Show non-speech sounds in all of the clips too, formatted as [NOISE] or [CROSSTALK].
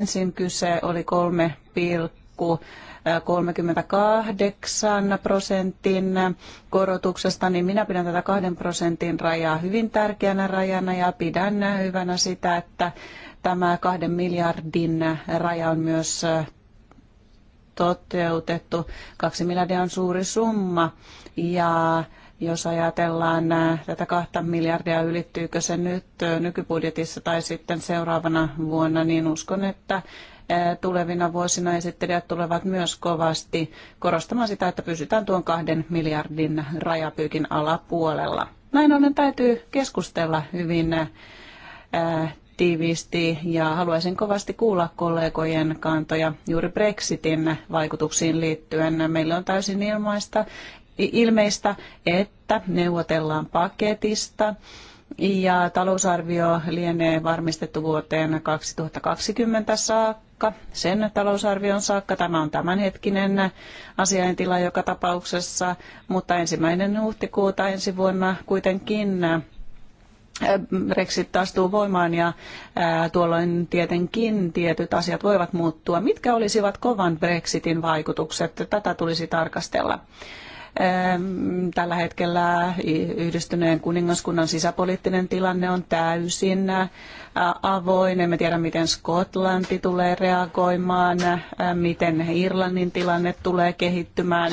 ensin kyse oli 3,38 prosentin korotuksesta, niin minä pidän tätä 2 prosentin rajaa hyvin tärkeänä rajana ja pidän hyvänä sitä, että tämä kahden miljardin raja on myös toteutettu. Kaksi miljardia on suuri summa ja jos ajatellaan tätä kahta miljardia, ylittyykö se nyt nykybudjetissa tai sitten seuraavana vuonna, niin uskon, että tulevina vuosina esittelijät tulevat myös kovasti korostamaan sitä, että pysytään tuon kahden miljardin rajapyykin alapuolella. Näin ollen täytyy keskustella hyvin tiiviisti ja haluaisin kovasti kuulla kollegojen kantoja juuri Brexitin vaikutuksiin liittyen. Meillä on täysin ilmaista, ilmeistä, että neuvotellaan paketista ja talousarvio lienee varmistettu vuoteen 2020 saakka. Sen talousarvion saakka tämä on tämänhetkinen asiaintila joka tapauksessa, mutta ensimmäinen huhtikuuta ensi vuonna kuitenkin Brexit astuu voimaan ja tuolloin tietenkin tietyt asiat voivat muuttua. Mitkä olisivat kovan Brexitin vaikutukset? Tätä tulisi tarkastella. Tällä hetkellä yhdistyneen kuningaskunnan sisäpoliittinen tilanne on täysin avoin. Emme tiedä, miten Skotlanti tulee reagoimaan, miten Irlannin tilanne tulee kehittymään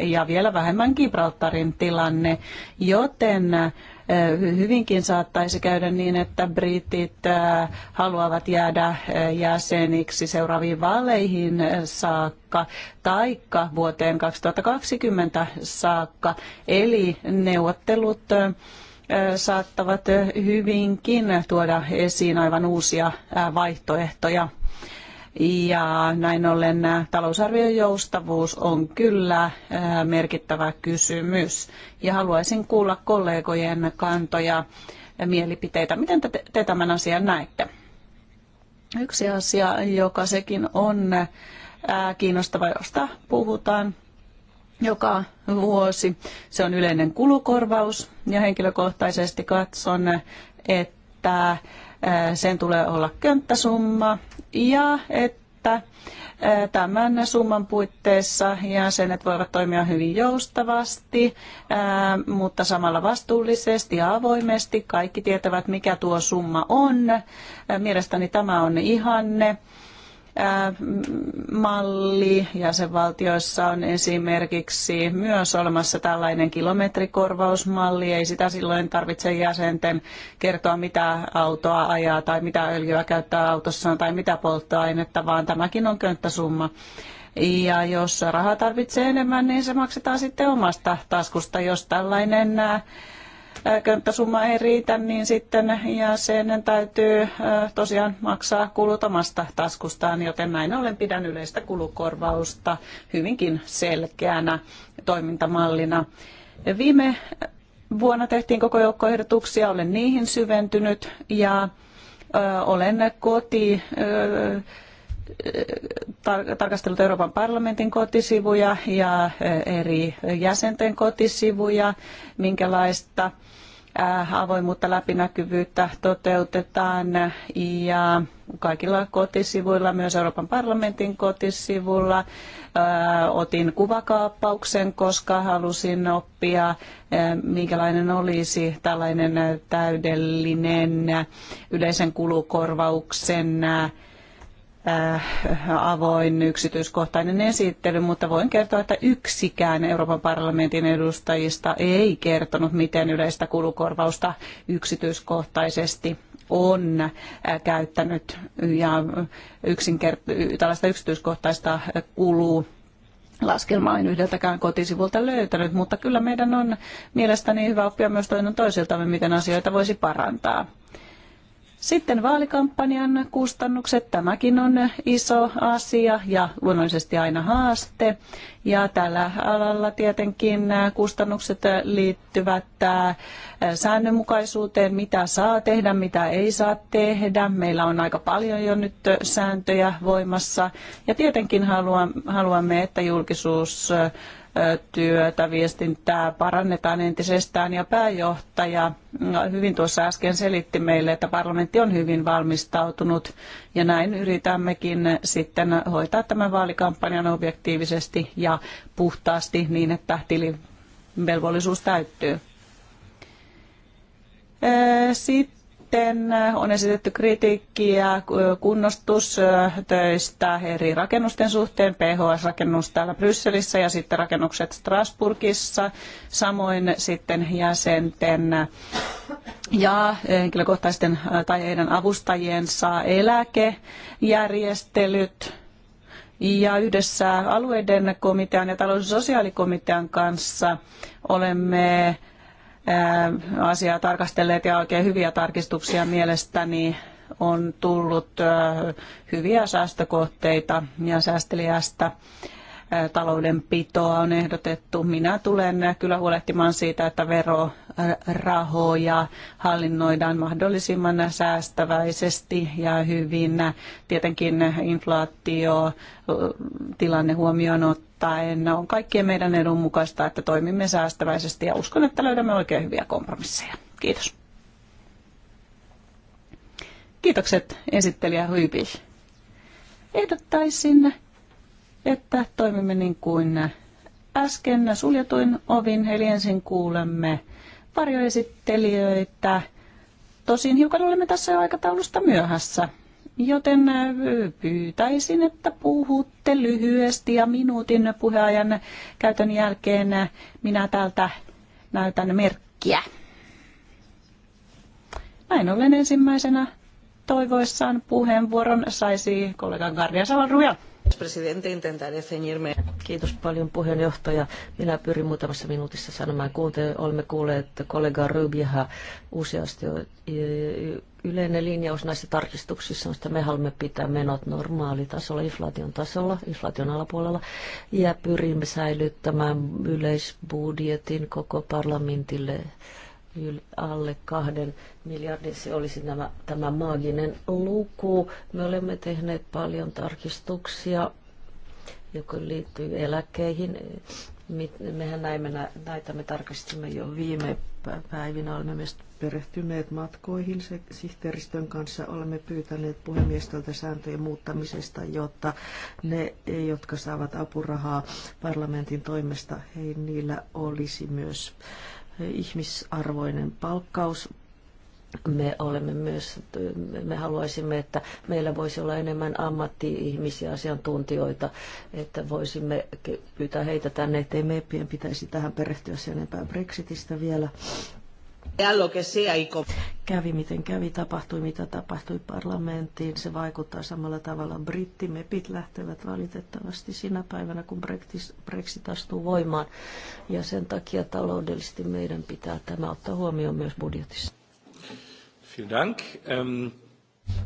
ja vielä vähemmän Gibraltarin tilanne, joten Eh, hyvinkin saattaisi käydä niin, että britit eh, haluavat jäädä eh, jäseniksi seuraaviin vaaleihin saakka taikka vuoteen 2020 saakka. Eli neuvottelut saattavat hyvinkin tuoda esiin aivan uusia vaihtoehtoja ja näin ollen äh, talousarvion joustavuus on kyllä äh, merkittävä kysymys. Ja haluaisin kuulla kollegojen kantoja ja mielipiteitä. Miten te, te tämän asian näette? Yksi asia, joka sekin on äh, kiinnostava, josta puhutaan joka vuosi, se on yleinen kulukorvaus. Ja henkilökohtaisesti katson, että että Äh, sen tulee olla könttäsumma ja että äh, tämän summan puitteissa jäsenet voivat toimia hyvin joustavasti, äh, mutta samalla vastuullisesti ja avoimesti. Kaikki tietävät, mikä tuo summa on. Mielestäni tämä on ihanne malli. Jäsenvaltioissa on esimerkiksi myös olemassa tällainen kilometrikorvausmalli. Ei sitä silloin tarvitse jäsenten kertoa, mitä autoa ajaa tai mitä öljyä käyttää autossaan tai mitä polttoainetta, vaan tämäkin on könttäsumma. Ja jos rahaa tarvitsee enemmän, niin se maksetaan sitten omasta taskusta, jos tällainen könttäsumma ei riitä, niin sitten jäsenen täytyy tosiaan maksaa kulut omasta taskustaan, joten näin ollen pidän yleistä kulukorvausta hyvinkin selkeänä toimintamallina. Viime vuonna tehtiin koko joukkoehdotuksia, olen niihin syventynyt ja olen koti tarkastellut Euroopan parlamentin kotisivuja ja e, eri jäsenten kotisivuja, minkälaista avoimuutta, läpinäkyvyyttä toteutetaan ja kaikilla kotisivuilla, myös Euroopan parlamentin kotisivulla. Otin kuvakaappauksen, koska halusin oppia, minkälainen olisi tällainen täydellinen yleisen kulukorvauksen Äh, avoin yksityiskohtainen esittely, mutta voin kertoa, että yksikään Euroopan parlamentin edustajista ei kertonut, miten yleistä kulukorvausta yksityiskohtaisesti on äh, käyttänyt ja yksinkert- tällaista yksityiskohtaista kuluu laskelmaa en yhdeltäkään kotisivulta löytänyt, mutta kyllä meidän on mielestäni hyvä oppia myös toinen toisiltamme, miten asioita voisi parantaa. Sitten vaalikampanjan kustannukset, tämäkin on iso asia ja luonnollisesti aina haaste. Ja tällä alalla tietenkin kustannukset liittyvät säännönmukaisuuteen, mitä saa tehdä, mitä ei saa tehdä. Meillä on aika paljon jo nyt sääntöjä voimassa ja tietenkin haluamme, että julkisuus työtä, viestintää parannetaan entisestään ja pääjohtaja hyvin tuossa äsken selitti meille, että parlamentti on hyvin valmistautunut ja näin yritämmekin sitten hoitaa tämän vaalikampanjan objektiivisesti ja puhtaasti niin, että tilivelvollisuus täyttyy. Sitten sitten äh, on esitetty kritiikkiä äh, kunnostustöistä eri rakennusten suhteen, PHS-rakennus täällä Brysselissä ja sitten rakennukset Strasbourgissa, samoin sitten jäsenten ja henkilökohtaisten äh, tai heidän avustajiensa eläkejärjestelyt. Ja yhdessä alueiden komitean ja talous- ja sosiaalikomitean kanssa olemme asiaa tarkastelleet ja oikein hyviä tarkistuksia mielestäni on tullut hyviä säästökohteita ja säästeliästä taloudenpitoa on ehdotettu. Minä tulen kyllä huolehtimaan siitä, että verorahoja hallinnoidaan mahdollisimman säästäväisesti ja hyvin. Tietenkin inflaatio, tilanne huomioon ottaen ottaen no, on kaikkien meidän edun mukaista, että toimimme säästäväisesti ja uskon, että löydämme oikein hyviä kompromisseja. Kiitos. Kiitokset esittelijä Hyvish. Ehdottaisin, että toimimme niin kuin äsken suljetuin ovin, eli ensin kuulemme varjoesittelijöitä. Tosin hiukan olemme tässä jo aikataulusta myöhässä. Joten pyytäisin, että puhutte lyhyesti ja minuutin puheajan käytön jälkeen minä täältä näytän merkkiä. Näin ollen ensimmäisenä toivoissaan puheenvuoron saisi kollega Gardiasalan Salarujal presidentti, intentaré ceñirme. Kiitos paljon puheenjohtaja. Minä pyrin muutamassa minuutissa sanomaan, kuunte, olemme kuulleet kollega Rybjeha useasti e, yleinen linjaus näissä tarkistuksissa on, että me haluamme pitää menot normaalitasolla, inflaation tasolla, inflaation alapuolella, ja pyrimme säilyttämään yleisbudjetin koko parlamentille alle kahden miljardin. Se olisi nämä, tämä maaginen luku. Me olemme tehneet paljon tarkistuksia, joka liittyy eläkkeihin. Mehän näimme, näitä me tarkastimme jo viime päivinä. Olemme myös perehtyneet matkoihin se, sihteeristön kanssa. Olemme pyytäneet puhemiestöltä sääntöjen muuttamisesta, jotta ne, jotka saavat apurahaa parlamentin toimesta, hei, niillä olisi myös äh, ihmisarvoinen palkkaus. Me olemme myös, me haluaisimme, että meillä voisi olla enemmän ammatti-ihmisiä, asiantuntijoita, että voisimme pyytää heitä tänne, ettei meppien pitäisi tähän perehtyä sen enempää Brexitistä vielä. Kävi miten kävi, tapahtui mitä tapahtui parlamenttiin. Se vaikuttaa samalla tavalla. Brittimepit lähtevät valitettavasti sinä päivänä, kun Brexit astuu voimaan. Ja sen takia taloudellisesti meidän pitää tämä ottaa huomioon myös budjetissa. Dank. Ähm,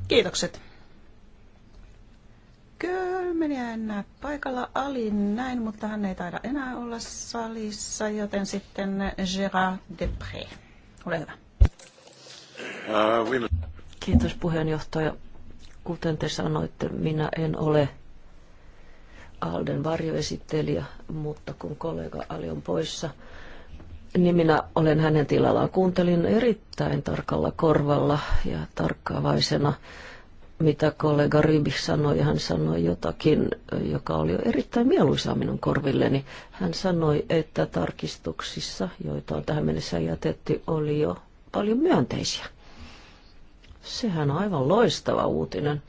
Kiitokset. Kymmeniä enää paikalla. Ali näin, mutta hän ei taida enää olla salissa, joten sitten Gérard Depré. Ole hyvä. Äh, Kiitos puheenjohtaja. Kuten te sanoitte, minä en ole Alden varjoesittelijä, mutta kun kollega Ali on poissa, niin minä olen hänen tilallaan. Kuuntelin erittäin tarkalla korvalla ja tarkkaavaisena mitä kollega Rybih sanoi, hän sanoi jotakin, joka oli jo erittäin mieluisaa minun korvilleni. Hän sanoi, että tarkistuksissa, joita on tähän mennessä jätetty, oli jo paljon myönteisiä. Sehän on aivan loistava uutinen.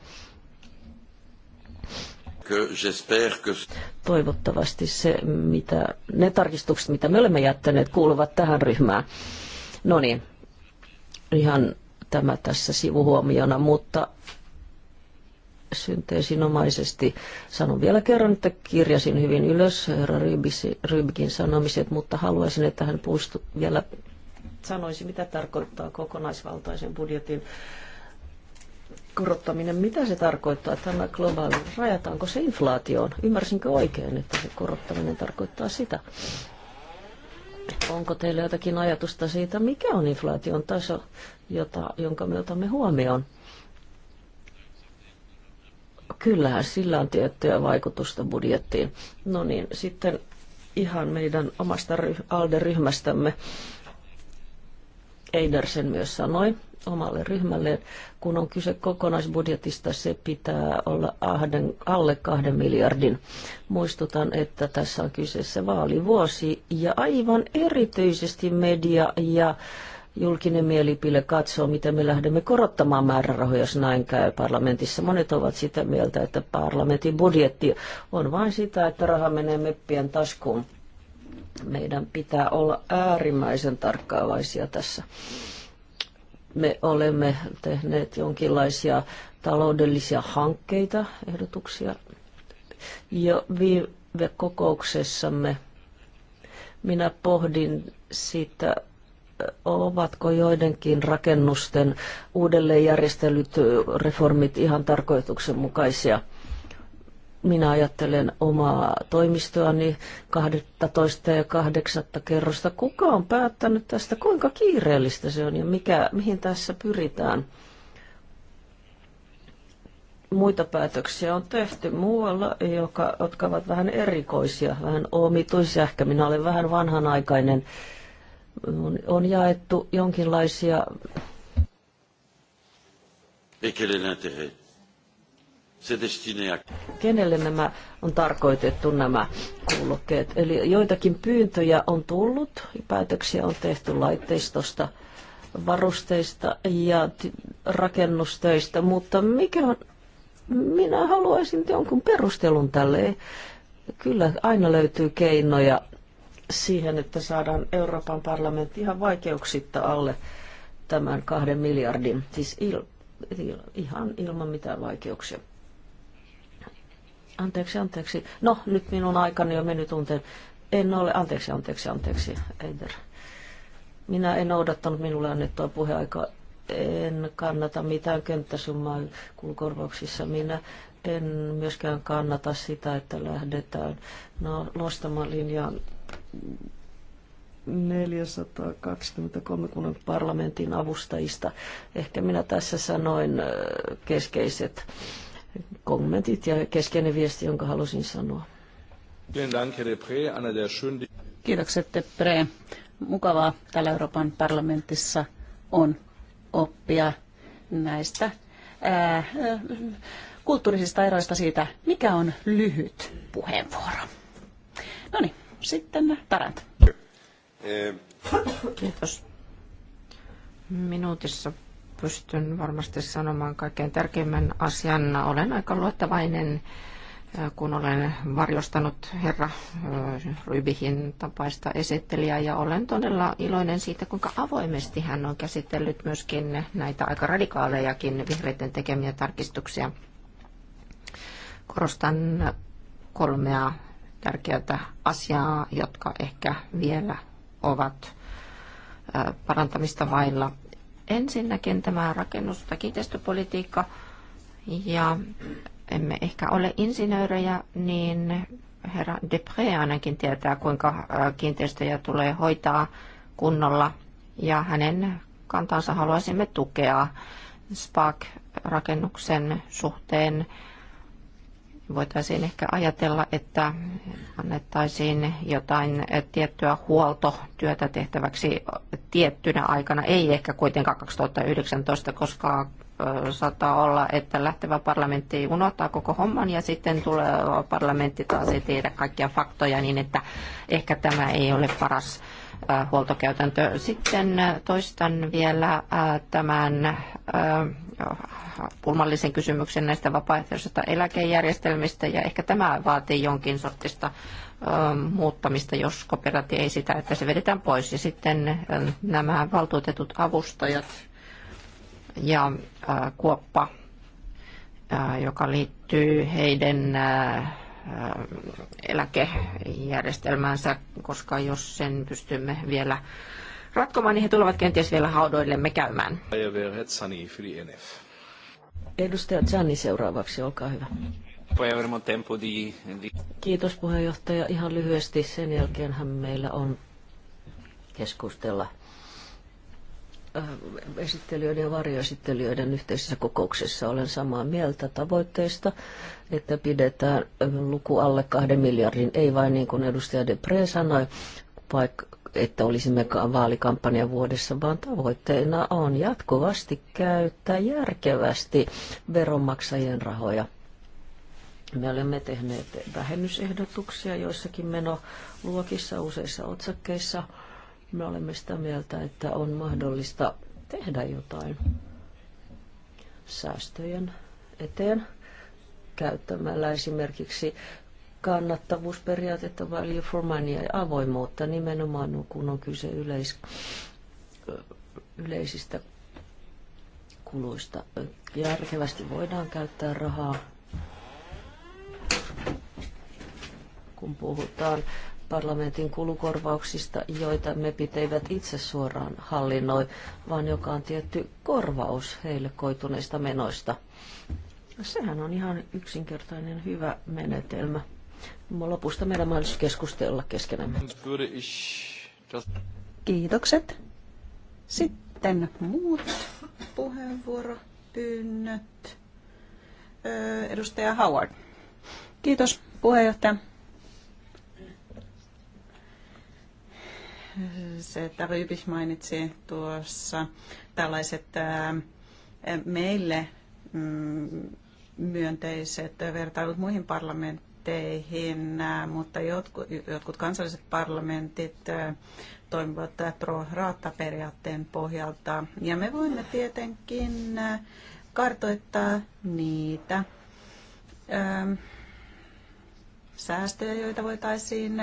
Toivottavasti se, mitä, ne tarkistukset, mitä me olemme jättäneet, kuuluvat tähän ryhmään. No niin, ihan tämä tässä sivuhuomiona, mutta synteesinomaisesti. Sanon vielä kerran, että kirjasin hyvin ylös herra Rybikin sanomiset, mutta haluaisin, että hän puistu vielä sanoisi, mitä tarkoittaa kokonaisvaltaisen budjetin korottaminen. Mitä se tarkoittaa tämä globaali? Rajataanko se inflaatioon? Ymmärsinkö oikein, että se korottaminen tarkoittaa sitä? Onko teillä jotakin ajatusta siitä, mikä on inflaation taso, jota, jonka me otamme huomioon? Kyllähän sillä on tiettyä vaikutusta budjettiin. No niin, sitten ihan meidän omasta ryh- ALDE-ryhmästämme Eidersen myös sanoi omalle ryhmälle, kun on kyse kokonaisbudjetista, se pitää olla ahden, alle kahden miljardin. Muistutan, että tässä on kyseessä vaalivuosi ja aivan erityisesti media ja äh, julkinen mielipide katsoo, miten me lähdemme korottamaan määrärahoja, jos näin käy parlamentissa. Monet ovat sitä mieltä, että parlamentin budjetti on vain sitä, että raha menee meppien taskuun. Meidän pitää olla äärimmäisen tarkkaavaisia tässä. Me olemme tehneet jonkinlaisia taloudellisia hankkeita, ehdotuksia. Jo viime kokouksessamme minä pohdin sitä, ovatko joidenkin rakennusten uudelleenjärjestelyt, reformit ihan tarkoituksenmukaisia. Minä ajattelen omaa toimistoani 12 ja 8 kerrosta. Kuka on päättänyt tästä? Kuinka kiireellistä se on ja mikä, mihin tässä pyritään? muita päätöksiä on tehty muualla, joka, jotka ovat vähän erikoisia, vähän omituisia. Ehkä minä olen vähän vanhanaikainen on jaettu jonkinlaisia... Kenelle nämä on tarkoitettu nämä kuulokkeet? Eli joitakin pyyntöjä on tullut, päätöksiä on tehty laitteistosta, varusteista ja rakennustöistä, mutta mikä on, minä haluaisin jonkun perustelun tälle. Kyllä aina löytyy keinoja siihen, että saadaan Euroopan parlamentti ihan vaikeuksitta alle tämän kahden miljardin, siis il, il, ihan ilman mitään vaikeuksia. Anteeksi, anteeksi. No, nyt minun aikani on mennyt tunteen. En ole, anteeksi, anteeksi, anteeksi, Eider. Minä en noudattanut minulle annettua puheaikaa. En kannata mitään könttäsummaa kulukorvauksissa. Minä en myöskään kannata sitä, että lähdetään no, nostamaan linjaan 423 kunnan parlamentin avustajista. Ehkä minä tässä sanoin keskeiset kommentit ja keskeinen viesti, jonka halusin sanoa. Kiitokset, Tepre. Mukavaa täällä Euroopan parlamentissa on oppia näistä ää, kulttuurisista eroista siitä, mikä on lyhyt puheenvuoro. No niin, sitten Tarant. Kiitos. Minuutissa pystyn varmasti sanomaan kaikkein tärkeimmän asian. Olen aika luottavainen, äh, kun olen varjostanut herra äh, Rybihin tapaista esittelijää ja olen todella iloinen siitä, kuinka avoimesti hän on käsitellyt myöskin näitä aika radikaalejakin vihreiden tekemiä tarkistuksia. Korostan kolmea tärkeää asiaa, jotka ehkä vielä ovat parantamista vailla. Ensinnäkin tämä rakennus- tai kiinteistöpolitiikka, ja emme ehkä ole insinöörejä, niin herra Depre ainakin tietää, kuinka kiinteistöjä tulee hoitaa kunnolla, ja hänen kantansa haluaisimme tukea SPAC-rakennuksen suhteen voitaisiin ehkä ajatella, että annettaisiin jotain tiettyä huoltotyötä tehtäväksi tiettynä aikana, ei ehkä kuitenkaan 2019, koska saattaa olla, että lähtevä parlamentti unohtaa koko homman ja sitten tulee parlamentti taas ei tiedä kaikkia faktoja niin, että ehkä tämä ei ole paras Äh, huoltokäytäntö. Sitten äh, toistan vielä äh, tämän pulmallisen kysymyksen näistä vapaaehtoisista eläkejärjestelmistä, ja ehkä tämä vaatii jonkin sortista muuttamista, jos kooperaatio ei sitä, että se vedetään pois. Ja sitten nämä valtuutetut avustajat ja kuoppa, joka liittyy heidän eläkejärjestelmäänsä, koska jos sen pystymme vielä ratkomaan, niin he tulevat kenties vielä haudoillemme käymään. Edustaja Zanni seuraavaksi, olkaa hyvä. Kiitos puheenjohtaja. Ihan lyhyesti sen jälkeenhän meillä on keskustella Äh, esittelijöiden ja varjoesittelijöiden yhteisessä kokouksessa olen samaa mieltä tavoitteista, että pidetään äh, luku alle kahden miljardin, ei vain niin kuin edustaja Depre sanoi, vaikka että olisimme vaalikampanjan vuodessa, vaan tavoitteena on jatkuvasti käyttää järkevästi veronmaksajien rahoja. Me olemme tehneet vähennysehdotuksia joissakin menoluokissa, useissa otsakkeissa – me olemme sitä mieltä, että on mahdollista tehdä jotain säästöjen eteen käyttämällä esimerkiksi kannattavuusperiaatetta, value for money ja avoimuutta nimenomaan, no, kun on kyse yleis, yleisistä kuluista. Järkevästi voidaan käyttää rahaa, kun puhutaan parlamentin kulukorvauksista, joita me eivät itse suoraan hallinnoi, vaan joka on tietty korvaus heille koituneista menoista. Sehän on ihan yksinkertainen hyvä menetelmä. Lopusta meidän mahdollisuus keskustella keskenämme. Kiitokset. Sitten muut puheenvuoropyynnöt. Edustaja Howard. Kiitos puheenjohtaja. se, että Rybis mainitsi tuossa, tällaiset meille mm, myönteiset vertailut muihin parlamentteihin, mutta jotkut, jotkut kansalliset parlamentit toimivat pro rata periaatteen pohjalta. Ja me voimme tietenkin kartoittaa niitä säästöjä, joita voitaisiin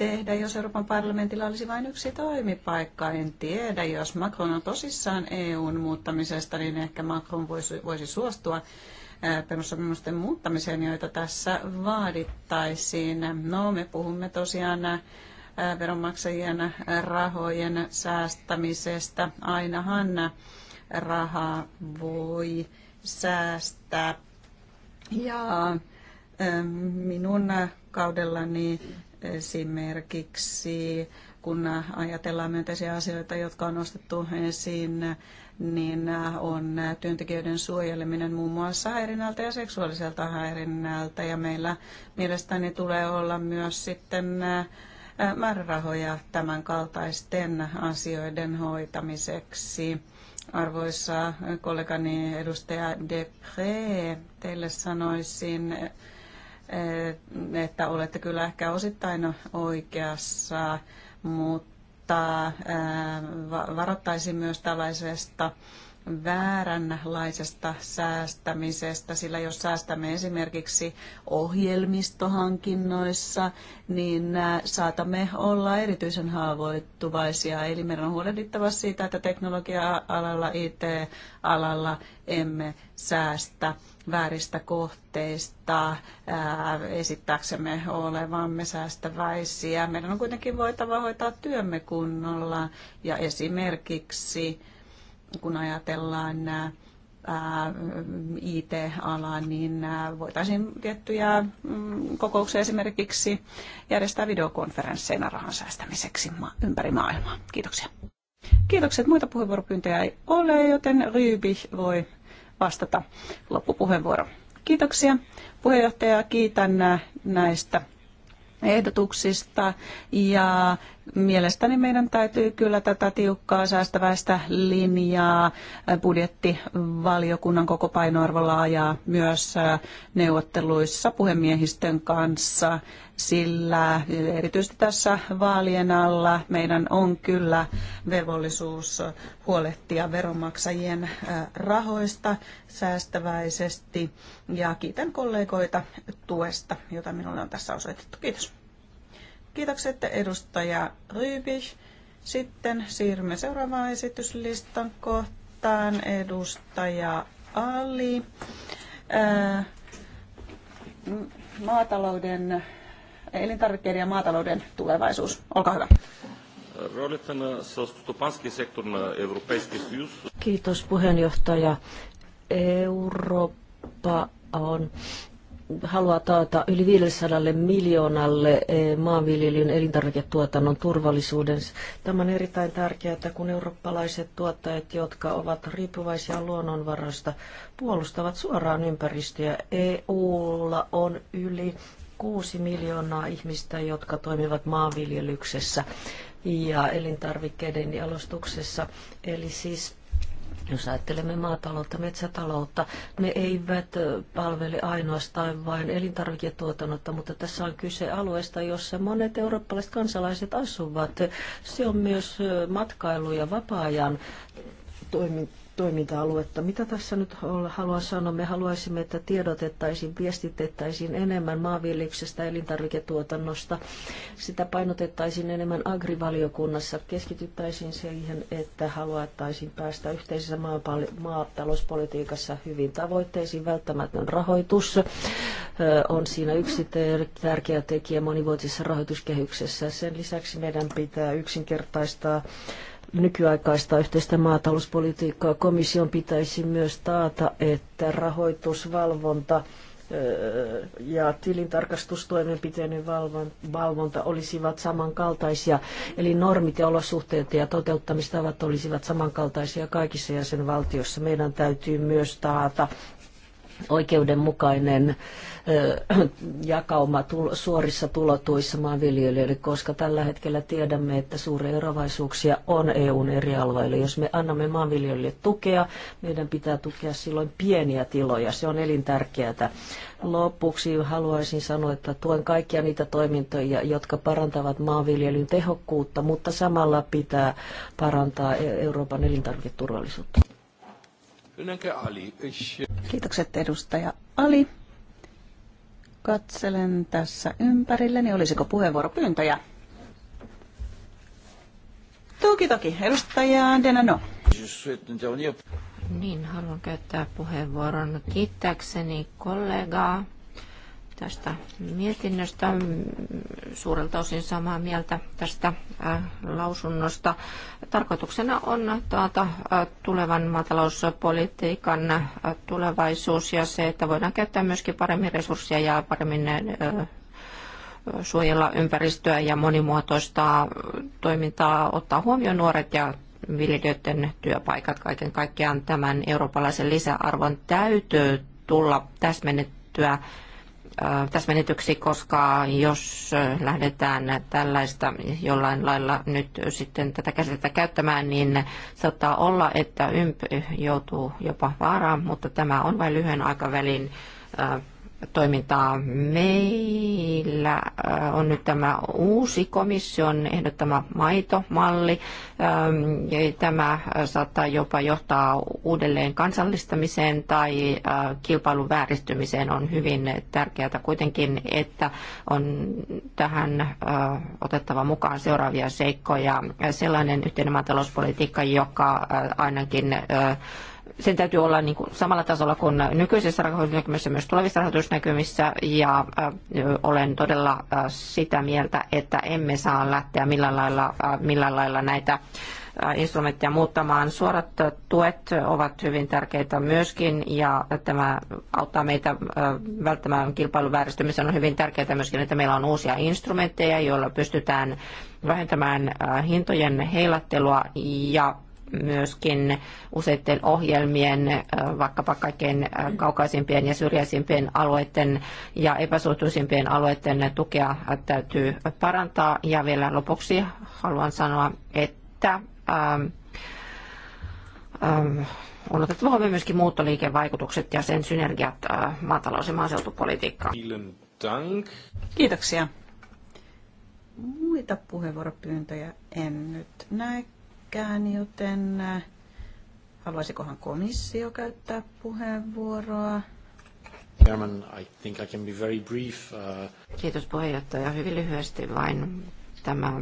tehdä, jos Euroopan parlamentilla olisi vain yksi toimipaikka? En tiedä. Jos Macron on tosissaan EUn muuttamisesta, niin ehkä Macron voisi, voisi suostua perussopimusten muuttamiseen, joita tässä vaadittaisiin. No, me puhumme tosiaan veronmaksajien rahojen säästämisestä. Ainahan rahaa voi säästää. Ja minun kaudellani esimerkiksi kun ajatellaan myönteisiä asioita, jotka on nostettu esiin, niin on työntekijöiden suojeleminen muun muassa häirinnältä ja seksuaaliselta häirinnältä. Ja meillä mielestäni tulee olla myös sitten äh, määrärahoja tämän kaltaisten asioiden hoitamiseksi. Arvoisa kollegani edustaja Depre, teille sanoisin, että olette kyllä ehkä osittain oikeassa, mutta varoittaisin myös tällaisesta vääränlaisesta säästämisestä, sillä jos säästämme esimerkiksi ohjelmistohankinnoissa, niin saatamme olla erityisen haavoittuvaisia. Eli meidän on huolehdittava siitä, että teknologia-alalla, IT-alalla emme säästä vääristä kohteista ää, esittääksemme olevamme säästäväisiä. Meidän on kuitenkin voitava hoitaa työmme kunnolla ja esimerkiksi kun ajatellaan IT-alaa, niin voitaisiin tiettyjä mm, kokouksia esimerkiksi järjestää videokonferensseina rahan säästämiseksi ympäri maailmaa. Kiitoksia. Kiitokset. Muita puheenvuoropyyntöjä ei ole, joten Ryybi voi vastata loppupuheenvuoro. Kiitoksia. Puheenjohtaja, kiitän näistä ehdotuksista ja Mielestäni meidän täytyy kyllä tätä tiukkaa säästäväistä linjaa budjettivaliokunnan koko painoarvolla ajaa myös äh, neuvotteluissa puhemiehistön kanssa, sillä erityisesti tässä vaalien alla meidän on kyllä velvollisuus huolehtia veronmaksajien äh, rahoista säästäväisesti ja kiitän kollegoita tuesta, jota minulle on tässä osoitettu. Kiitos. Kiitokset edustaja Rybich. Sitten siirrymme seuraavaan esityslistan kohtaan. Edustaja Ali. Ää, äh, maatalouden, elintarvikkeiden ja maatalouden tulevaisuus. Olkaa hyvä. Kiitos puheenjohtaja. Eurooppa on haluaa taata yli 500 miljoonalle eh, maanviljelyn elintarviketuotannon turvallisuuden. Tämä on erittäin tärkeää, että kun eurooppalaiset tuottajat, jotka ovat riippuvaisia luonnonvaroista, puolustavat suoraan ympäristöä. EUlla on yli 6 miljoonaa ihmistä, jotka toimivat maanviljelyksessä ja elintarvikkeiden jalostuksessa. Eli siis jos ajattelemme maataloutta, metsätaloutta, ne eivät palvele ainoastaan vain elintarviketuotannotta, mutta tässä on kyse alueesta, jossa monet eurooppalaiset kansalaiset asuvat. Se on myös matkailu ja vapaa-ajan toiminta toiminta-aluetta. Mitä tässä nyt haluan sanoa? Me haluaisimme, että tiedotettaisiin, viestitettäisiin enemmän maanviljelyksestä, elintarviketuotannosta. Sitä painotettaisiin enemmän agrivaliokunnassa. Keskityttäisiin siihen, että haluattaisiin päästä yhteisessä maatalouspolitiikassa hyvin tavoitteisiin. Välttämätön rahoitus on siinä yksi tärkeä tekijä monivuotisessa rahoituskehyksessä. Sen lisäksi meidän pitää yksinkertaistaa nykyaikaista yhteistä maatalouspolitiikkaa. Komission pitäisi myös taata, että rahoitusvalvonta ja tilintarkastustoimenpiteiden valvonta olisivat samankaltaisia, eli normit ja olosuhteet ja toteuttamistavat olisivat samankaltaisia kaikissa jäsenvaltioissa. Meidän täytyy myös taata oikeudenmukainen [CLEARS THROAT] jakauma suorissa tulotuissa maanviljelijöille, koska tällä hetkellä tiedämme, että suuria eroavaisuuksia on EUn eri alueilla. Jos me annamme maanviljelijöille tukea, meidän pitää tukea silloin pieniä tiloja. Se on elintärkeää. Lopuksi haluaisin sanoa, että tuen kaikkia niitä toimintoja, jotka parantavat maanviljelyn tehokkuutta, mutta samalla pitää parantaa e- Euroopan elintarviketurvallisuutta. Kiitokset edustaja Ali. Katselen tässä ympärilleni, olisiko puheenvuoropyyntöjä? Toki toki, edustaja Denano. Niin, haluan käyttää puheenvuoron kiittääkseni kollegaa tästä mietinnöstä. Suurelta osin samaa mieltä tästä äh, lausunnosta. Tarkoituksena on taata äh, tulevan maatalouspolitiikan äh, tulevaisuus ja se, että voidaan käyttää myöskin paremmin resursseja ja paremmin suojella ympäristöä ja monimuotoista toimintaa, ottaa huomioon nuoret ja viljelijöiden työpaikat kaiken kaikkiaan tämän eurooppalaisen lisäarvon täytyy tulla täsmennettyä täsmennetyksi, koska jos lähdetään tällaista jollain lailla nyt sitten tätä käsitettä käyttämään, niin saattaa olla, että ympy joutuu jopa vaaraan, mutta tämä on vain lyhyen aikavälin toimintaa. Meillä äh, on nyt tämä uusi komission ehdottama maitomalli. Ähm, tämä äh, saattaa jopa johtaa uudelleen kansallistamiseen tai äh, kilpailun vääristymiseen. On hyvin tärkeää kuitenkin, että on tähän otettava mukaan seuraavia seikkoja. Sellainen yhteinen maatalouspolitiikka, joka ainakin sen täytyy olla niin kuin samalla tasolla kuin nykyisessä rahoitusnäkymissä myös tulevissa rahoitusnäkymissä ja olen todella sitä mieltä, että emme saa lähteä millään lailla, millään lailla näitä instrumentteja muuttamaan. Suorat tuet ovat hyvin tärkeitä myöskin ja tämä auttaa meitä välttämään kilpailun vääristymisen. On hyvin tärkeää myöskin, että meillä on uusia instrumentteja, joilla pystytään vähentämään hintojen heilattelua ja myöskin useiden ohjelmien, vaikkapa kaikkein kaukaisimpien ja syrjäisimpien alueiden ja epäsuotuisimpien alueiden tukea täytyy parantaa. Ja vielä lopuksi haluan sanoa, että ähm, ähm, on otettu huomioon myöskin muuttoliikevaikutukset ja sen synergiat äh, maatalous- ja maaseutupolitiikkaan. Kiitoksia. Muita puheenvuoropyyntöjä en nyt näe pitkään, joten äh, haluaisikohan komissio käyttää puheenvuoroa? Chairman, I think I can be very brief. Uh, Kiitos puheenjohtaja. Hyvin lyhyesti vain tämä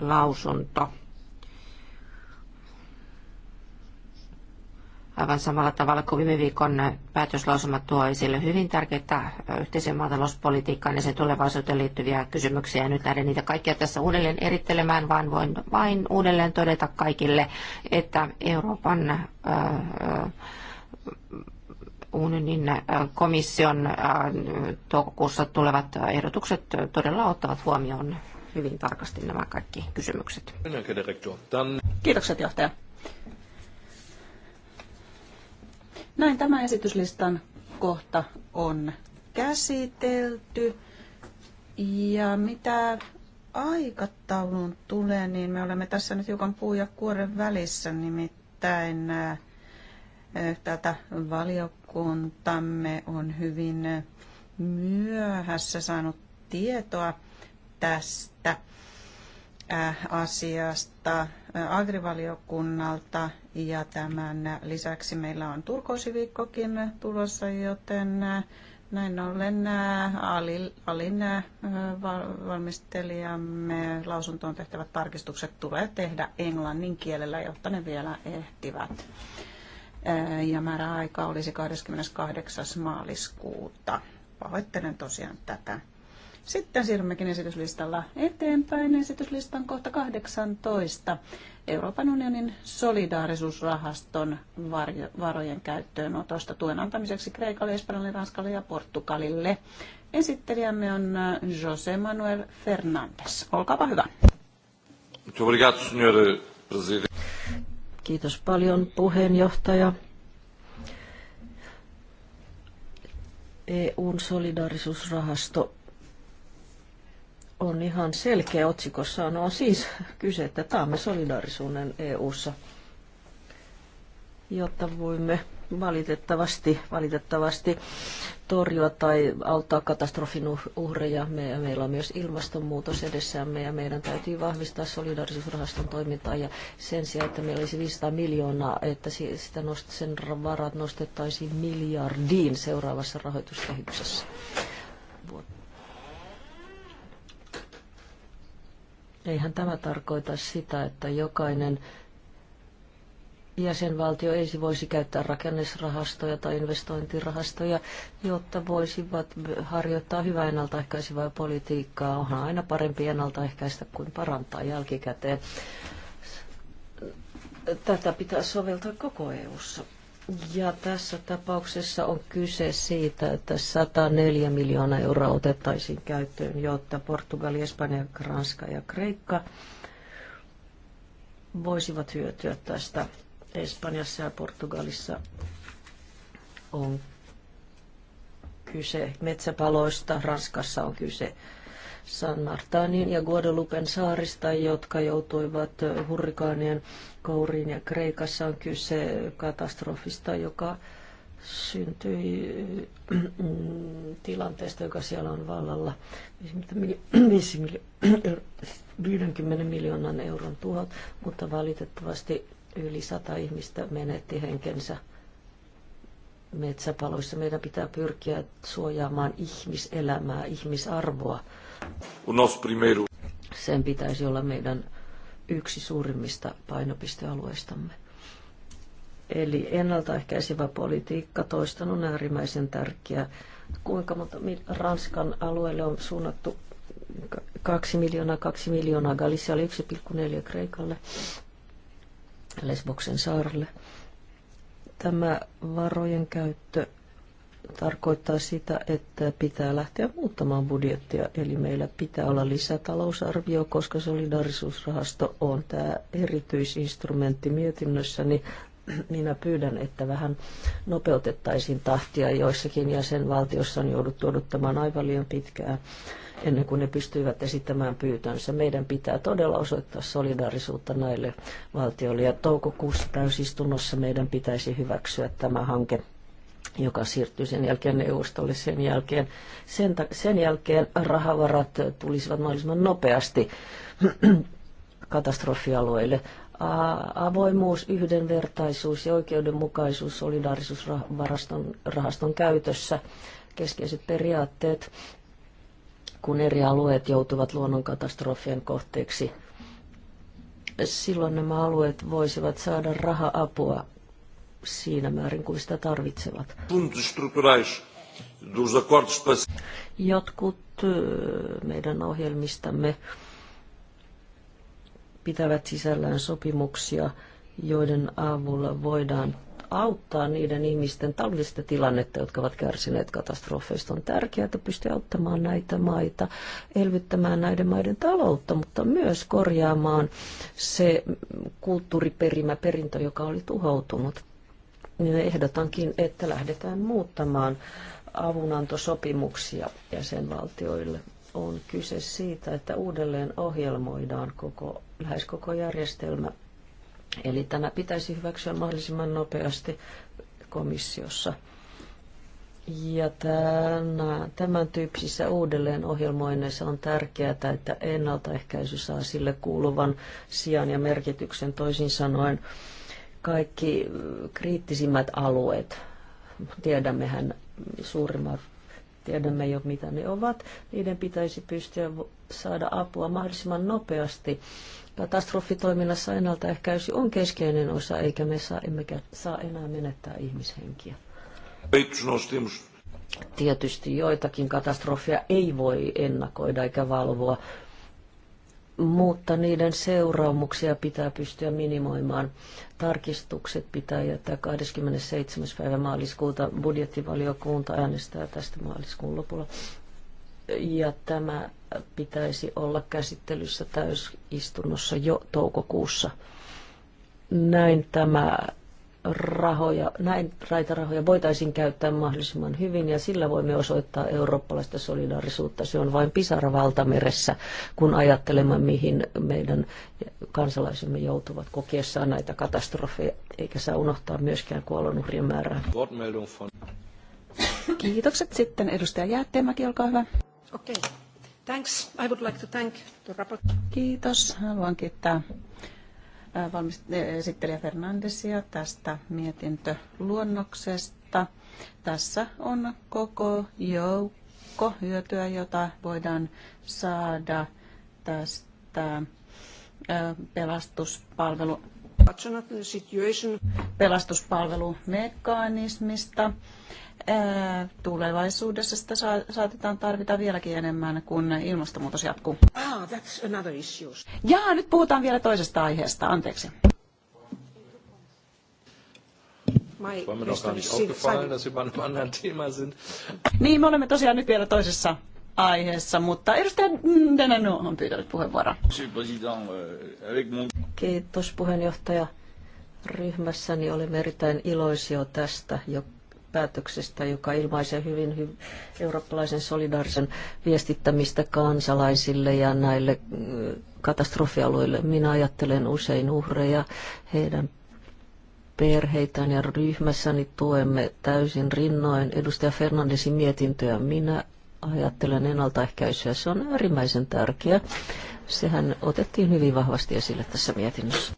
lausunto aivan samalla tavalla kuin viime viikon päätöslausuma tuo esille hyvin tärkeitä yhteisen maatalouspolitiikkaan ja sen tulevaisuuteen liittyviä kysymyksiä. Ja nyt lähden niitä kaikkia tässä uudelleen erittelemään, vaan voin vain uudelleen todeta kaikille, että Euroopan äh, unionin komission toukokuussa tulevat ehdotukset todella ottavat huomioon hyvin tarkasti nämä kaikki kysymykset. Kiitokset johtaja. Näin tämä esityslistan kohta on käsitelty. Ja mitä aikataulun tulee, niin me olemme tässä nyt hiukan puu ja kuoren välissä, nimittäin äh, tätä valiokuntamme on hyvin myöhässä saanut tietoa tästä asiasta agrivaliokunnalta ja tämän lisäksi meillä on turkoosiviikkokin tulossa, joten näin ollen alin valmistelijamme lausuntoon tehtävät tarkistukset tulee tehdä englannin kielellä, jotta ne vielä ehtivät. Ja määräaika olisi 28. maaliskuuta. Pahoittelen tosiaan tätä. Sitten siirrymmekin esityslistalla eteenpäin. Esityslistan kohta 18. Euroopan unionin solidaarisuusrahaston varojen käyttöönotosta tuen antamiseksi Kreikalle, Espanjalle, Ranskalle ja Portugalille. Esittelijämme on äh, José Manuel Fernandes. Olkaapa hyvä. Kiitos paljon puheenjohtaja. EUn solidaarisuusrahasto on ihan selkeä otsikossa. No on siis kyse, että taamme solidaarisuuden EU-ssa, jotta voimme valitettavasti, valitettavasti torjua tai auttaa katastrofin uh-, uhreja. Me, meillä on myös ilmastonmuutos edessämme ja meidän täytyy vahvistaa solidaarisuusrahaston toimintaa. Ja sen sijaan, että meillä olisi 500 miljoonaa, että sitä nost- sen varat nostettaisiin miljardiin seuraavassa rahoituskehyksessä. Vuotta Eihän tämä tarkoita sitä, että jokainen jäsenvaltio ei voisi käyttää rakennusrahastoja tai investointirahastoja, jotta voisivat harjoittaa hyvää ennaltaehkäisevää politiikkaa. Onhan aina parempi ennaltaehkäistä kuin parantaa jälkikäteen. Tätä pitää soveltaa koko EU:ssa. Ja tässä tapauksessa on kyse siitä, että 104 miljoonaa euroa otettaisiin käyttöön, jotta Portugali, Espanja, Ranska ja Kreikka voisivat hyötyä tästä. Espanjassa ja Portugalissa on kyse metsäpaloista, Ranskassa on kyse San Martanin ja Guadalupen saarista, jotka joutuivat hurrikaanien kouriin. Ja Kreikassa on kyse katastrofista, joka syntyi mm, tilanteesta, joka siellä on vallalla. 50 miljoonan euron tuhot, mutta valitettavasti yli sata ihmistä menetti henkensä metsäpaloissa. Meidän pitää pyrkiä suojaamaan ihmiselämää, ihmisarvoa. Sen pitäisi olla meidän yksi suurimmista painopistealueistamme. Eli ennaltaehkäisevä politiikka toistan on äärimmäisen tärkeää. Kuinka monta Ranskan alueelle on suunnattu 2 miljoonaa, 2 miljoonaa Galicia 1,4 Kreikalle, Lesboksen saarelle. Tämä varojen käyttö tarkoittaa sitä, että pitää lähteä muuttamaan budjettia. Eli meillä pitää olla lisätalousarvio, koska solidarisuusrahasto on tämä erityisinstrumentti niin Minä pyydän, että vähän nopeutettaisiin tahtia. Joissakin jäsenvaltiossa on jouduttu odottamaan aivan liian pitkään ennen kuin ne pystyivät esittämään pyytönsä. Meidän pitää todella osoittaa solidaarisuutta näille valtioille ja toukokuussa täysistunnossa meidän pitäisi hyväksyä tämä hanke joka siirtyi sen jälkeen neuvostolle sen jälkeen. Sen, sen jälkeen rahavarat tulisivat mahdollisimman nopeasti [CLEARS THROAT] katastrofialueille. Avoimuus, yhdenvertaisuus ja oikeudenmukaisuus solidaarisuusrahaston rahaston käytössä keskeiset periaatteet, kun eri alueet joutuvat luonnonkatastrofien kohteeksi. Silloin nämä alueet voisivat saada raha-apua siinä määrin kuin sitä tarvitsevat. Jotkut meidän ohjelmistamme pitävät sisällään sopimuksia, joiden avulla voidaan auttaa niiden ihmisten taloudellista tilannetta, jotka ovat kärsineet katastrofeista. On tärkeää, että pystyy auttamaan näitä maita, elvyttämään näiden maiden taloutta, mutta myös korjaamaan se kulttuuriperimä, perintö, joka oli tuhoutunut ehdotankin, että lähdetään muuttamaan avunantosopimuksia jäsenvaltioille. On kyse siitä, että uudelleen ohjelmoidaan koko, lähes koko järjestelmä. Eli tämä pitäisi hyväksyä mahdollisimman nopeasti komissiossa. Ja tämän, tämän tyyppisissä uudelleenohjelmoinneissa on tärkeää, että ennaltaehkäisy saa sille kuuluvan sijaan ja merkityksen toisin sanoen kaikki kriittisimmät alueet. Tiedämmehän suurimmat, tiedämme jo mitä ne ovat. Niiden pitäisi pystyä saada apua mahdollisimman nopeasti. Katastrofitoiminnassa ennaltaehkäisy on keskeinen osa, eikä me saa, emmekä saa enää menettää ihmishenkiä. Tietysti joitakin katastrofia ei voi ennakoida eikä valvoa, mutta niiden seuraamuksia pitää pystyä minimoimaan. Tarkistukset pitää jättää 27. päivä maaliskuuta. Budjettivaliokunta äänestää tästä maaliskuun lopulla. Ja tämä pitäisi olla käsittelyssä täysistunnossa jo toukokuussa. Näin tämä rahoja, näin raitarahoja voitaisiin käyttää mahdollisimman hyvin ja sillä voimme osoittaa eurooppalaista solidaarisuutta. Se on vain pisara valtameressä, kun ajattelemme, mihin meidän kansalaisemme joutuvat kokiessaan näitä katastrofeja, eikä saa unohtaa myöskään kuolonuhrien määrää. Kiitokset. Sitten edustaja Jäätteenmäki, olkaa hyvä. Okei. Okay. Thanks. I would like to thank the Kiitos. Haluan kiittää esittelijä Fernandesia tästä mietintöluonnoksesta. Tässä on koko joukko hyötyä, jota voidaan saada tästä pelastuspalvelu pelastuspalvelumekanismista tulevaisuudessa sitä saatetaan tarvita vieläkin enemmän, kun ilmastonmuutos jatkuu. Ah, that's another issue. Jaa, nyt puhutaan vielä toisesta aiheesta. Anteeksi. Niin, me olemme tosiaan nyt vielä toisessa aiheessa, mutta edustaja Denano on pyytänyt puheenvuoroa. Euh, Kiitos puheenjohtaja. Ryhmässäni olemme erittäin iloisia tästä, joka päätöksestä, joka ilmaisee hyvin eurooppalaisen solidaarisen viestittämistä kansalaisille ja näille mm, katastrofialueille. Minä ajattelen usein uhreja, heidän perheitään ja ryhmässäni tuemme täysin rinnoin edustaja Fernandesin mietintöä. Minä ajattelen ennaltaehkäisyä. Se on äärimmäisen tärkeä. Sehän otettiin hyvin vahvasti esille tässä mietinnössä.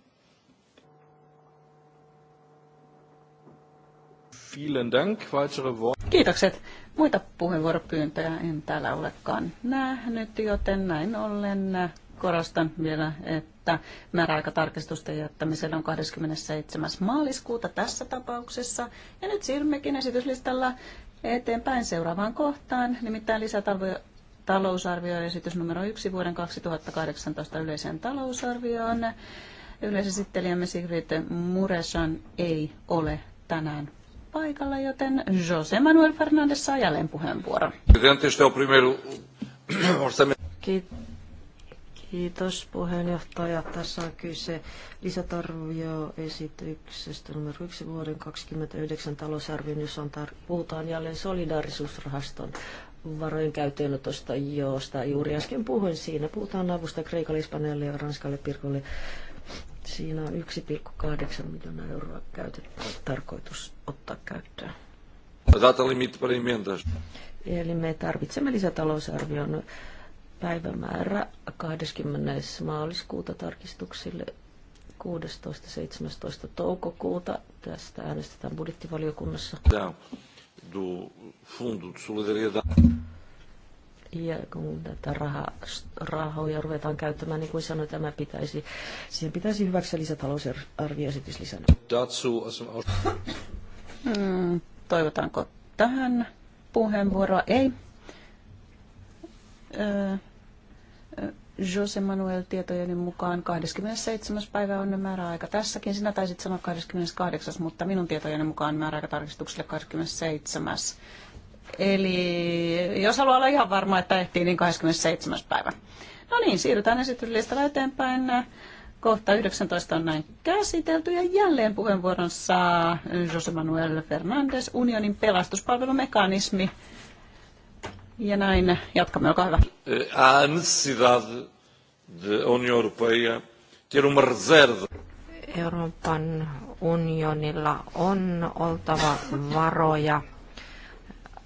Vielen Dank. Weitere Kiitokset. Muita puheenvuoropyyntöjä en täällä olekaan nähnyt, joten näin ollen korostan vielä, että määräaikatarkistusten jättämisellä on 27. maaliskuuta tässä tapauksessa. Ja nyt siirrymmekin esityslistalla eteenpäin seuraavaan kohtaan, nimittäin lisätalvoja talousarvioesitys numero yksi vuoden 2018 yleiseen talousarvioon. Yleisesittelijämme Sigrid Muresan ei ole tänään paikalla, joten Jose Manuel Fernandes saa jälleen puheenvuoron. Kiitos puheenjohtaja. Tässä on kyse lisätarvioesityksestä numero 1 vuoden 2029 talousarvion, jossa on tar- puhutaan jälleen solidaarisuusrahaston varojen käyttöönotosta, josta juuri äsken puhuin siinä. Puhutaan avusta Kreikalle, Espanjalle ja Ranskalle, Pirkolle, Siinä on 1,8 miljoonaa euroa käytetty, tarkoitus ottaa käyttöön. Eli me tarvitsemme lisätalousarvion päivämäärä 20. maaliskuuta tarkistuksille 16-17 toukokuuta. Tästä äänestetään budjettivaliokunnassa. Do Fundo de Solidariedade ja kun tätä rahaa, rahoja ruvetaan käyttämään, niin kuin sanoin, tämä pitäisi, siihen pitäisi hyväksyä lisätalousarvioesitys lisänä. Mm, toivotaanko tähän puheenvuoroa? Ei. Jose Manuel tietojeni mukaan 27. päivä on määräaika tässäkin. Sinä taisit sanoa 28. mutta minun tietojeni mukaan määräaika tarkistukselle 27. Eli jos haluaa olla ihan varma, että ehtii, niin 27. päivä. No niin, siirrytään esityslistalla eteenpäin. Kohta 19 on näin käsitelty ja jälleen puheenvuoron saa José Manuel Fernández, unionin pelastuspalvelumekanismi. Ja näin jatkamme, olkaa hyvä. Eh, a necessidade de União Europeia ter uma reserva. Euroopan unionilla on oltava varoja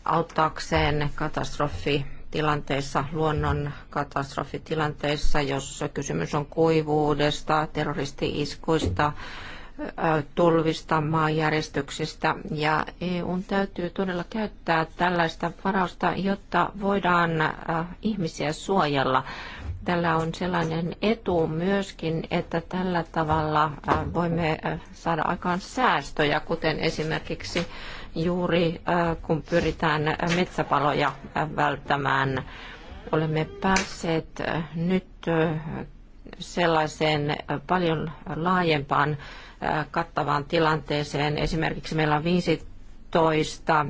auttaakseen katastrofi tilanteissa, luonnon katastrofitilanteissa, jos kysymys on kuivuudesta, terroristi-iskuista, tulvista, maanjäristyksistä. Ja EUn täytyy todella käyttää tällaista varausta, jotta voidaan ihmisiä suojella. Tällä on sellainen etu myöskin, että tällä tavalla voimme saada aikaan säästöjä, kuten esimerkiksi juuri äh, kun pyritään metsäpaloja välttämään. Olemme päässeet äh, nyt äh, sellaiseen paljon laajempaan kattavaan tilanteeseen. Esimerkiksi meillä on 15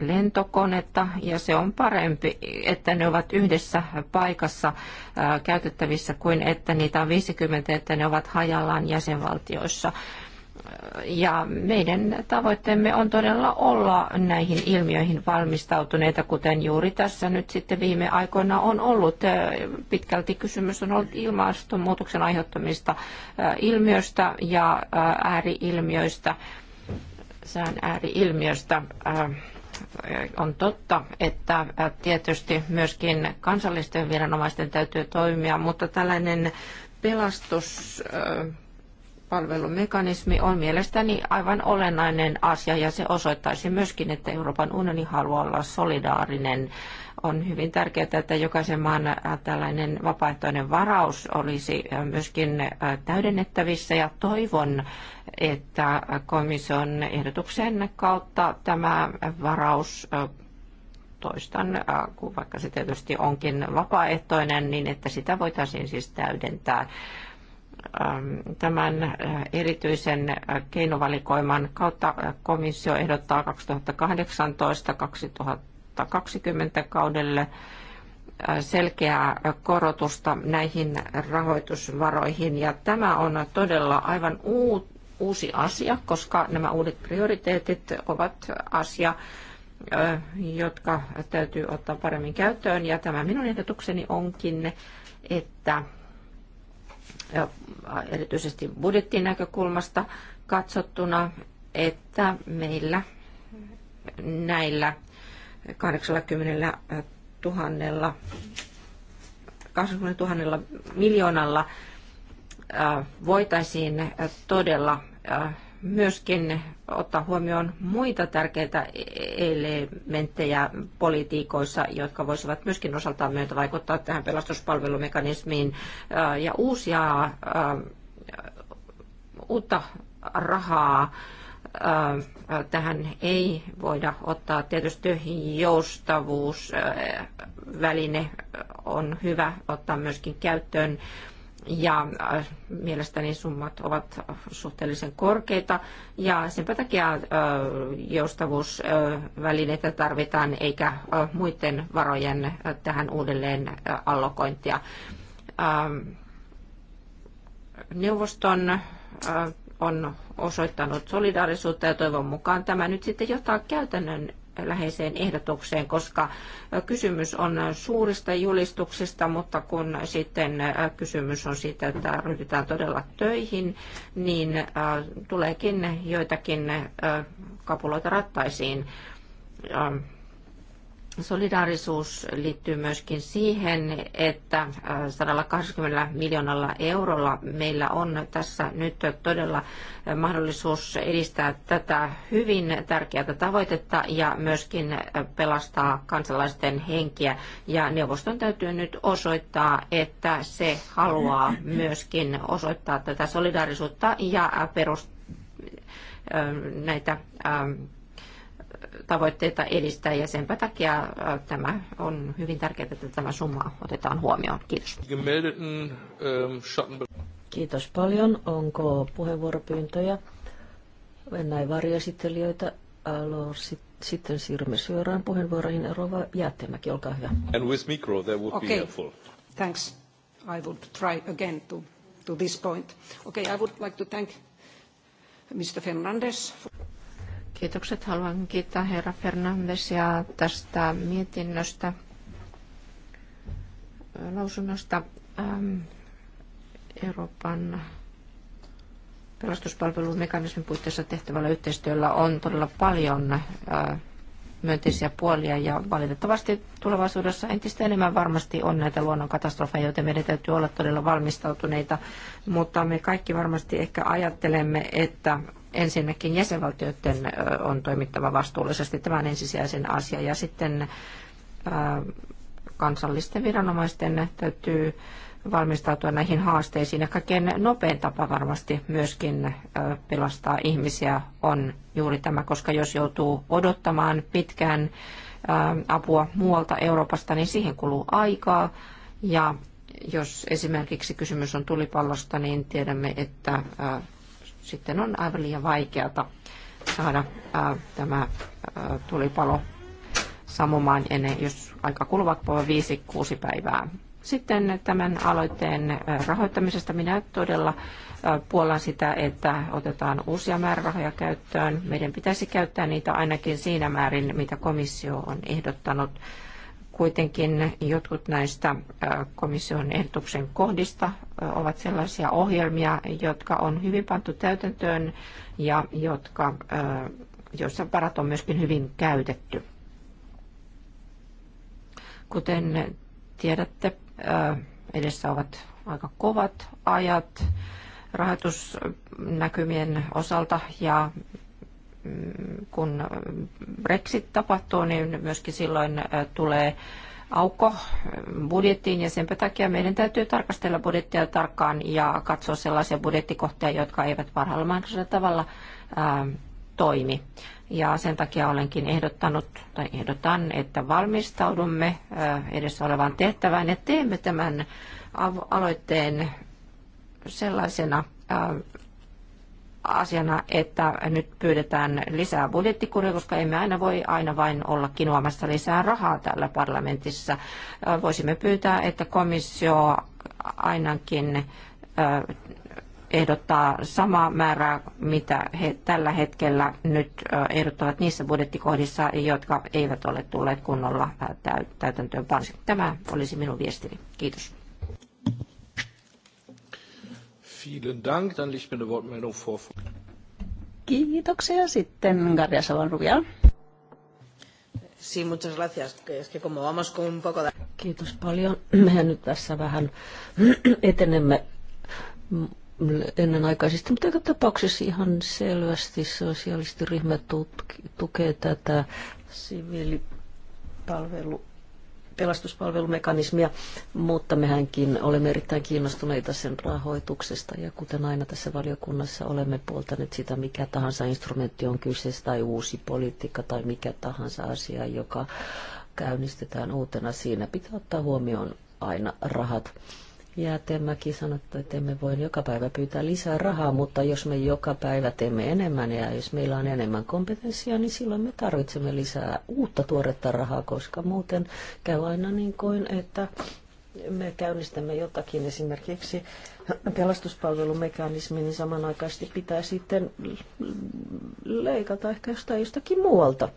lentokonetta ja se on parempi, että ne ovat yhdessä paikassa käytettävissä kuin että niitä on 50, että ne ovat hajallaan jäsenvaltioissa ja meidän tavoitteemme on todella olla näihin ilmiöihin valmistautuneita, kuten juuri tässä nyt sitten viime aikoina on ollut. Pitkälti kysymys on ollut ilmastonmuutoksen aiheuttamista äh, ilmiöstä ja äh, ääriilmiöistä, sään ääriilmiöstä. Äh, on totta, että tietysti myöskin kansallisten viranomaisten täytyy toimia, mutta tällainen pelastus palvelumekanismi on mielestäni aivan olennainen asia ja se osoittaisi myöskin, että Euroopan unioni haluaa olla solidaarinen. On hyvin tärkeää, että jokaisen maan äh, tällainen vapaaehtoinen varaus olisi äh, myöskin äh, täydennettävissä ja toivon, että komission ehdotuksen kautta tämä varaus toistan, kun vaikka se tietysti onkin vapaaehtoinen, niin että sitä voitaisiin siis täydentää Ähm, tämän äh, erityisen äh, keinovalikoiman kautta äh, komissio ehdottaa 2018-2020 kaudelle selkeää korotusta näihin rahoitusvaroihin. Ja tämä on todella aivan uusi asia, koska nämä uudet prioriteetit ovat asia, jotka täytyy ottaa paremmin käyttöön. Ja tämä minun ehdotukseni onkin, että erityisesti budjettin näkökulmasta katsottuna, että meillä näillä 80 000, 80 000 miljoonalla voitaisiin todella myöskin ottaa huomioon muita tärkeitä elementtejä politiikoissa, jotka voisivat myöskin osaltaan myötä vaikuttaa tähän pelastuspalvelumekanismiin äh, ja uusia äh, uutta rahaa äh, tähän ei voida ottaa. Tietysti joustavuusväline on hyvä ottaa myöskin käyttöön ja äh, mielestäni summat ovat suhteellisen korkeita ja senpä takia äh, joustavuusvälineitä tarvitaan eikä äh, muiden varojen tähän uudelleen allokointia. Ähm, neuvoston on osoittanut solidaarisuutta ja toivon mukaan tämä nyt sitten johtaa käytännön läheiseen ehdotukseen, koska kysymys on suurista julistuksista, mutta kun sitten kysymys on siitä, että ryhdytään todella töihin, niin äh, tuleekin joitakin äh, kapuloita rattaisiin äh, Solidaarisuus liittyy myöskin siihen, että 180 äh, miljoonalla eurolla meillä on tässä nyt todella äh, mahdollisuus edistää tätä hyvin tärkeää tavoitetta ja myöskin äh, pelastaa kansalaisten henkiä. Ja neuvoston täytyy nyt osoittaa, että se haluaa myöskin osoittaa tätä solidaarisuutta ja perustaa näitä ähm, tavoitteita edistää ja senpä takia äh, tämä on hyvin tärkeää, että tämä summa otetaan huomioon. Kiitos. Ähm, Kiitos paljon. Onko puheenvuoropyyntöjä? Näin varjoesittelijöitä. Alo, sit, sitten siirrymme suoraan puheenvuoroihin. Rova Jäätteenmäki, olkaa hyvä. And with micro, that would okay. be helpful. Thanks. I would try again to, to this point. Okay, I would like to thank Mr. Fernandes. For... Kiitokset. Haluan kiittää herra Fernandesia tästä mietinnöstä, lausunnosta ähm, Euroopan pelastuspalvelun mekanismin puitteissa tehtävällä yhteistyöllä on todella paljon äh, myönteisiä puolia ja valitettavasti tulevaisuudessa entistä enemmän varmasti on näitä luonnonkatastrofeja, joten meidän täytyy olla todella valmistautuneita, mutta me kaikki varmasti ehkä ajattelemme, että ensinnäkin jäsenvaltioiden on toimittava vastuullisesti. Tämä ensisijaisen asia. Ja sitten kansallisten viranomaisten täytyy valmistautua näihin haasteisiin. Ja kaikkein nopein tapa varmasti myöskin pelastaa ihmisiä on juuri tämä, koska jos joutuu odottamaan pitkään apua muualta Euroopasta, niin siihen kuluu aikaa. Ja jos esimerkiksi kysymys on tulipallosta, niin tiedämme, että sitten on aivan liian vaikeata saada ää, äh, tämä ää, äh, tulipalo sammumaan ennen, jos aika kuluvat voi 5-6 päivää. Sitten tämän aloitteen äh, rahoittamisesta minä todella puolan sitä, että otetaan uusia määrärahoja käyttöön. Meidän pitäisi käyttää niitä ainakin siinä määrin, mitä komissio on ehdottanut Kuitenkin jotkut näistä komission ehdotuksen kohdista ovat sellaisia ohjelmia, jotka on hyvin pantu täytäntöön ja jotka, joissa varat on myöskin hyvin käytetty. Kuten tiedätte, edessä ovat aika kovat ajat rahoitusnäkymien osalta ja kun Brexit tapahtuu, niin myöskin silloin tulee aukko budjettiin ja sen takia meidän täytyy tarkastella budjettia tarkkaan ja katsoa sellaisia budjettikohtia, jotka eivät parhaalla mahdollisella tavalla toimi. Ja sen takia olenkin ehdottanut tai ehdotan, että valmistaudumme edessä olevaan tehtävään ja teemme tämän aloitteen sellaisena asiana, että nyt pyydetään lisää budjettikuria, koska emme aina voi aina vain olla kinoamassa lisää rahaa täällä parlamentissa. Voisimme pyytää, että komissio ainakin ehdottaa samaa määrää, mitä he tällä hetkellä nyt ehdottavat niissä budjettikohdissa, jotka eivät ole tulleet kunnolla täytäntöön Tämä olisi minun viestini. Kiitos. Vielen Dank. Dann liegt mir eine Wortmeldung vor. Kiitoksia. Sitten Garja Savanruvia. Sí, muchas gracias. Es que como vamos con un poco de... Kiitos paljon. [CLEARS THROAT] Mehän nyt tässä vähän [CLEARS THROAT] etenemme ennenaikaisesti, mutta joka tapauksessa ihan selvästi sosiaalistiryhmä tukee tätä siviilipalvelu pelastuspalvelumekanismia, mutta mehänkin olemme erittäin kiinnostuneita sen rahoituksesta. Ja kuten aina tässä valiokunnassa olemme puoltaneet sitä, mikä tahansa instrumentti on kyseessä tai uusi politiikka tai mikä tahansa asia, joka käynnistetään uutena. Siinä pitää ottaa huomioon aina rahat. Ja Temmäkin sanoi, että emme voi joka päivä pyytää lisää rahaa, mutta jos me joka päivä teemme enemmän ja jos meillä on enemmän kompetenssia, niin silloin me tarvitsemme lisää uutta tuoretta rahaa, koska muuten käy aina niin kuin, että me käynnistämme jotakin esimerkiksi pelastuspalvelumekanismi, niin samanaikaisesti pitää sitten leikata ehkä jostain jostakin muualta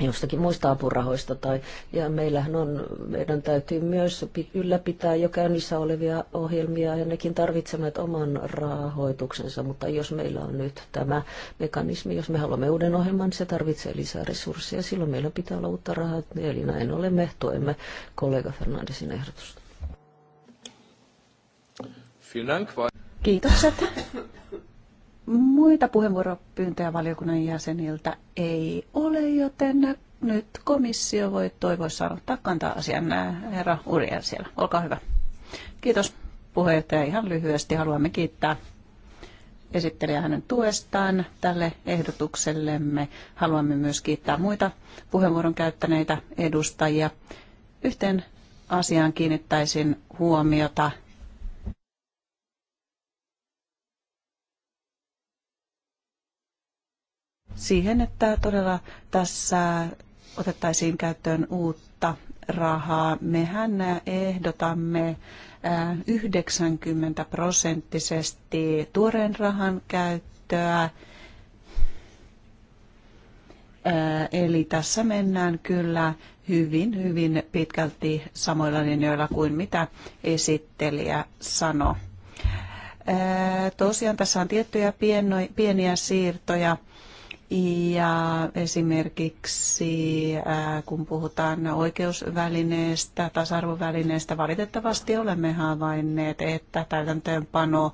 jostakin muista apurahoista. Tai, ja meillähän on, meidän täytyy myös ylläpitää jo käynnissä olevia ohjelmia ja nekin tarvitsevat oman rahoituksensa, mutta jos meillä on nyt tämä mekanismi, jos me haluamme uuden ohjelman, niin se tarvitsee lisää resursseja. Silloin meillä pitää olla uutta rahaa, eli näin olemme, tuemme kollega Fernandesin ehdotusta. Kiitokset. Muita puheenvuoropyyntöjä valiokunnan jäseniltä ei ole, joten nyt komissio voi toivoissa ottaa kantaa asian herra Uriel siellä. Olkaa hyvä. Kiitos puheenjohtaja. Ihan lyhyesti haluamme kiittää esittelijä hänen tuestaan tälle ehdotuksellemme. Haluamme myös kiittää muita puheenvuoron käyttäneitä edustajia. Yhteen asiaan kiinnittäisin huomiota siihen, että todella tässä otettaisiin käyttöön uutta rahaa. Mehän ehdotamme 90 äh, prosenttisesti tuoreen rahan käyttöä. Äh, eli tässä mennään kyllä hyvin, hyvin pitkälti samoilla linjoilla kuin mitä esittelijä sanoi. Äh, tosiaan tässä on tiettyjä pieniä siirtoja ja esimerkiksi äh, kun puhutaan oikeusvälineestä, tasa-arvovälineestä, valitettavasti olemme havainneet, että täytäntöönpano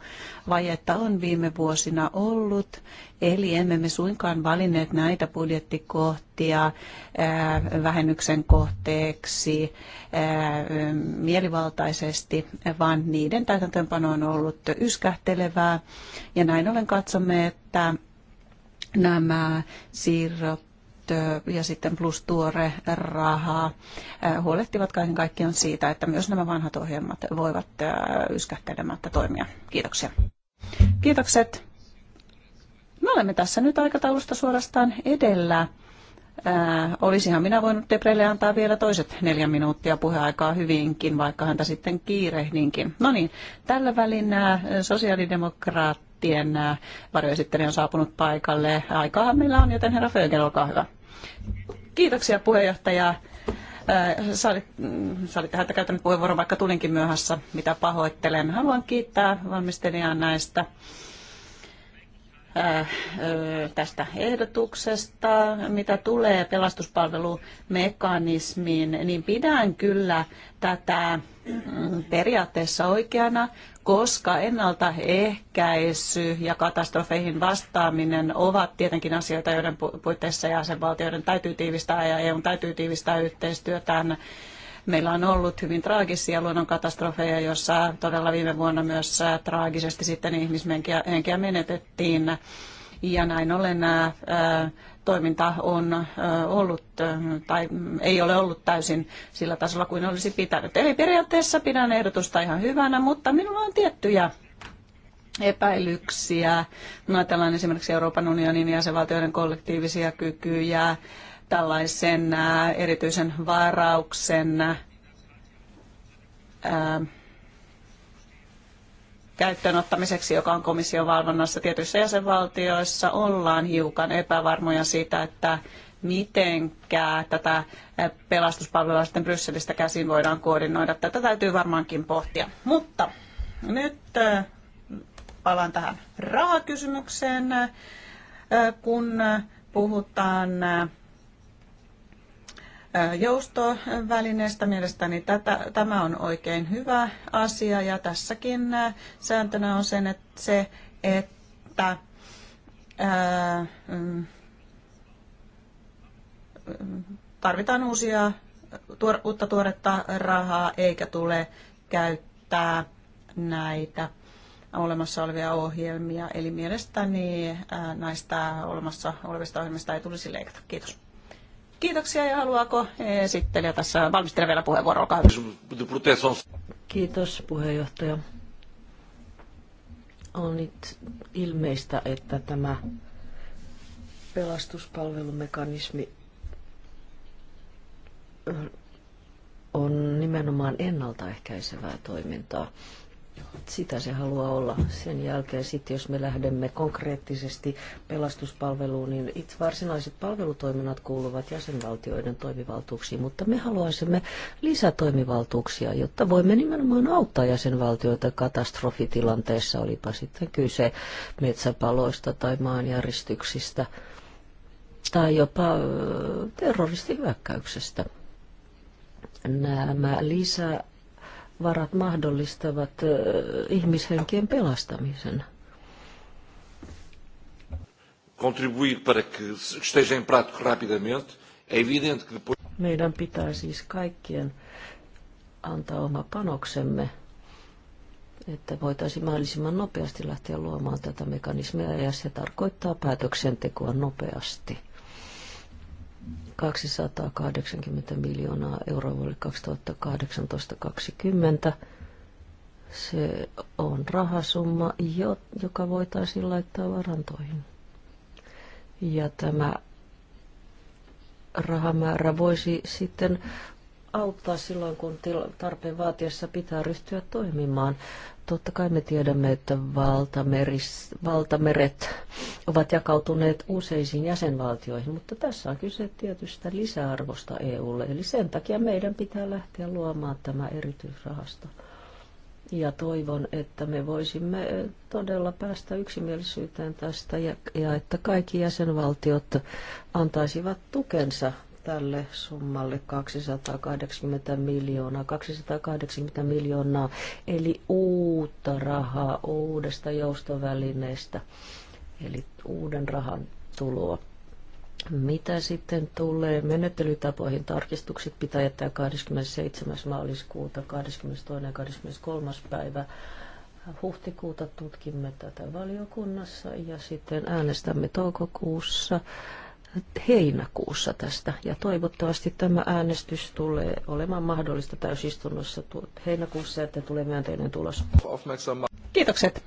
vajetta on viime vuosina ollut. Eli emme me suinkaan valinneet näitä budjettikohtia äh, vähennyksen kohteeksi äh, mielivaltaisesti, vaan niiden täytäntöönpano on ollut yskähtelevää. Ja näin ollen katsomme, että nämä siirrot ja sitten plus tuore rahaa huolehtivat kaiken kaikkiaan siitä, että myös nämä vanhat ohjelmat voivat yskähtelemättä toimia. Kiitoksia. Kiitokset. Me olemme tässä nyt aikataulusta suorastaan edellä. Ää, olisihan minä voinut Debrelle antaa vielä toiset neljä minuuttia puheaikaa hyvinkin, vaikka häntä sitten kiirehdinkin. No niin, tällä välin nämä sosiaalidemokraat lähtien varjoesittelijä on saapunut paikalle. Aikaahan meillä on, joten herra Fögel, olkaa hyvä. Kiitoksia puheenjohtaja. olit mm, tähän käyttänyt puheenvuoron, vaikka tulinkin myöhässä, mitä pahoittelen. Haluan kiittää valmistelijaa näistä tästä ehdotuksesta, mitä tulee pelastuspalvelumekanismiin, niin pidän kyllä tätä mm, periaatteessa oikeana, koska ennaltaehkäisy ja katastrofeihin vastaaminen ovat tietenkin asioita, joiden puitteissa jäsenvaltioiden täytyy tiivistää ja EUn täytyy tiivistää yhteistyötään. Meillä on ollut hyvin traagisia luonnonkatastrofeja, jossa todella viime vuonna myös äh, traagisesti sitten ihmishenkiä menetettiin ja näin ollen ää, toiminta on ollut tai ei ole ollut täysin sillä tasolla kuin olisi pitänyt. Eli periaatteessa pidän ehdotusta ihan hyvänä, mutta minulla on tiettyjä epäilyksiä. No, ajatellaan esimerkiksi Euroopan unionin jäsenvaltioiden kollektiivisia kykyjä, tällaisen erityisen varauksen ää, käyttöönottamiseksi, joka on komission valvonnassa tietyissä jäsenvaltioissa, ollaan hiukan epävarmoja siitä, että mitenkä tätä pelastuspalvelua sitten Brysselistä käsin voidaan koordinoida. Tätä täytyy varmaankin pohtia. Mutta nyt äh, palaan tähän rahakysymykseen, äh, kun puhutaan äh, joustovälineestä. Mielestäni tätä, tämä on oikein hyvä asia ja tässäkin sääntönä on sen, että se, että ää, mm, tarvitaan uusia, tuor, uutta tuoretta rahaa eikä tule käyttää näitä olemassa olevia ohjelmia. Eli mielestäni näistä olemassa olevista ohjelmista ei tulisi leikata. Kiitos. Kiitoksia ja haluaako eh, esittelijä tässä valmistella vielä puheenvuoro, olkaa hyvä. Kiitos puheenjohtaja. On nyt ilmeistä, että tämä pelastuspalvelumekanismi eh, on nimenomaan ennaltaehkäisevää toimintaa. Sitä se haluaa olla. Sen jälkeen sitten, jos me lähdemme konkreettisesti pelastuspalveluun, niin itse varsinaiset palvelutoiminnat kuuluvat jäsenvaltioiden toimivaltuuksiin, mutta me haluaisimme lisätoimivaltuuksia, jotta voimme nimenomaan auttaa jäsenvaltioita katastrofitilanteessa, olipa sitten kyse metsäpaloista tai maanjäristyksistä tai jopa terroristihyökkäyksestä nämä lisä varat mahdollistavat ihmishenkien pelastamisen. Contribuir para que esteja em prática rapidamente. É evidente que depois... Meidän pitää siis kaikkien antaa oma panoksemme, että voitaisiin mahdollisimman nopeasti lähteä luomaan tätä mekanismia, ja se tarkoittaa päätöksentekoa nopeasti. 280 miljoonaa euroa vuodelle 2018-2020. Se on rahasumma, joka voitaisiin laittaa varantoihin. Ja tämä rahamäärä voisi sitten auttaa silloin, kun tarpeen vaatiessa pitää ryhtyä toimimaan. Totta kai me tiedämme, että valtameris, valtameret ovat jakautuneet useisiin jäsenvaltioihin, mutta tässä on kyse tietystä lisäarvosta EUlle. Eli sen takia meidän pitää lähteä luomaan tämä erityisrahasto. Ja toivon, että me voisimme eh, todella päästä yksimielisyyteen tästä ja, ja että kaikki jäsenvaltiot antaisivat tukensa tälle summalle 280 miljoonaa. 280 miljoonaa, eli uutta rahaa uudesta joustovälineestä, eli uuden rahan tuloa. Mitä sitten tulee menettelytapoihin? Tarkistukset pitää jättää 27. maaliskuuta, 22. ja 23. päivä huhtikuuta tutkimme tätä valiokunnassa ja sitten äänestämme toukokuussa heinäkuussa tästä ja toivottavasti tämä äänestys tulee olemaan mahdollista täysistunnossa heinäkuussa, että tulee myönteinen tulos. Kiitokset.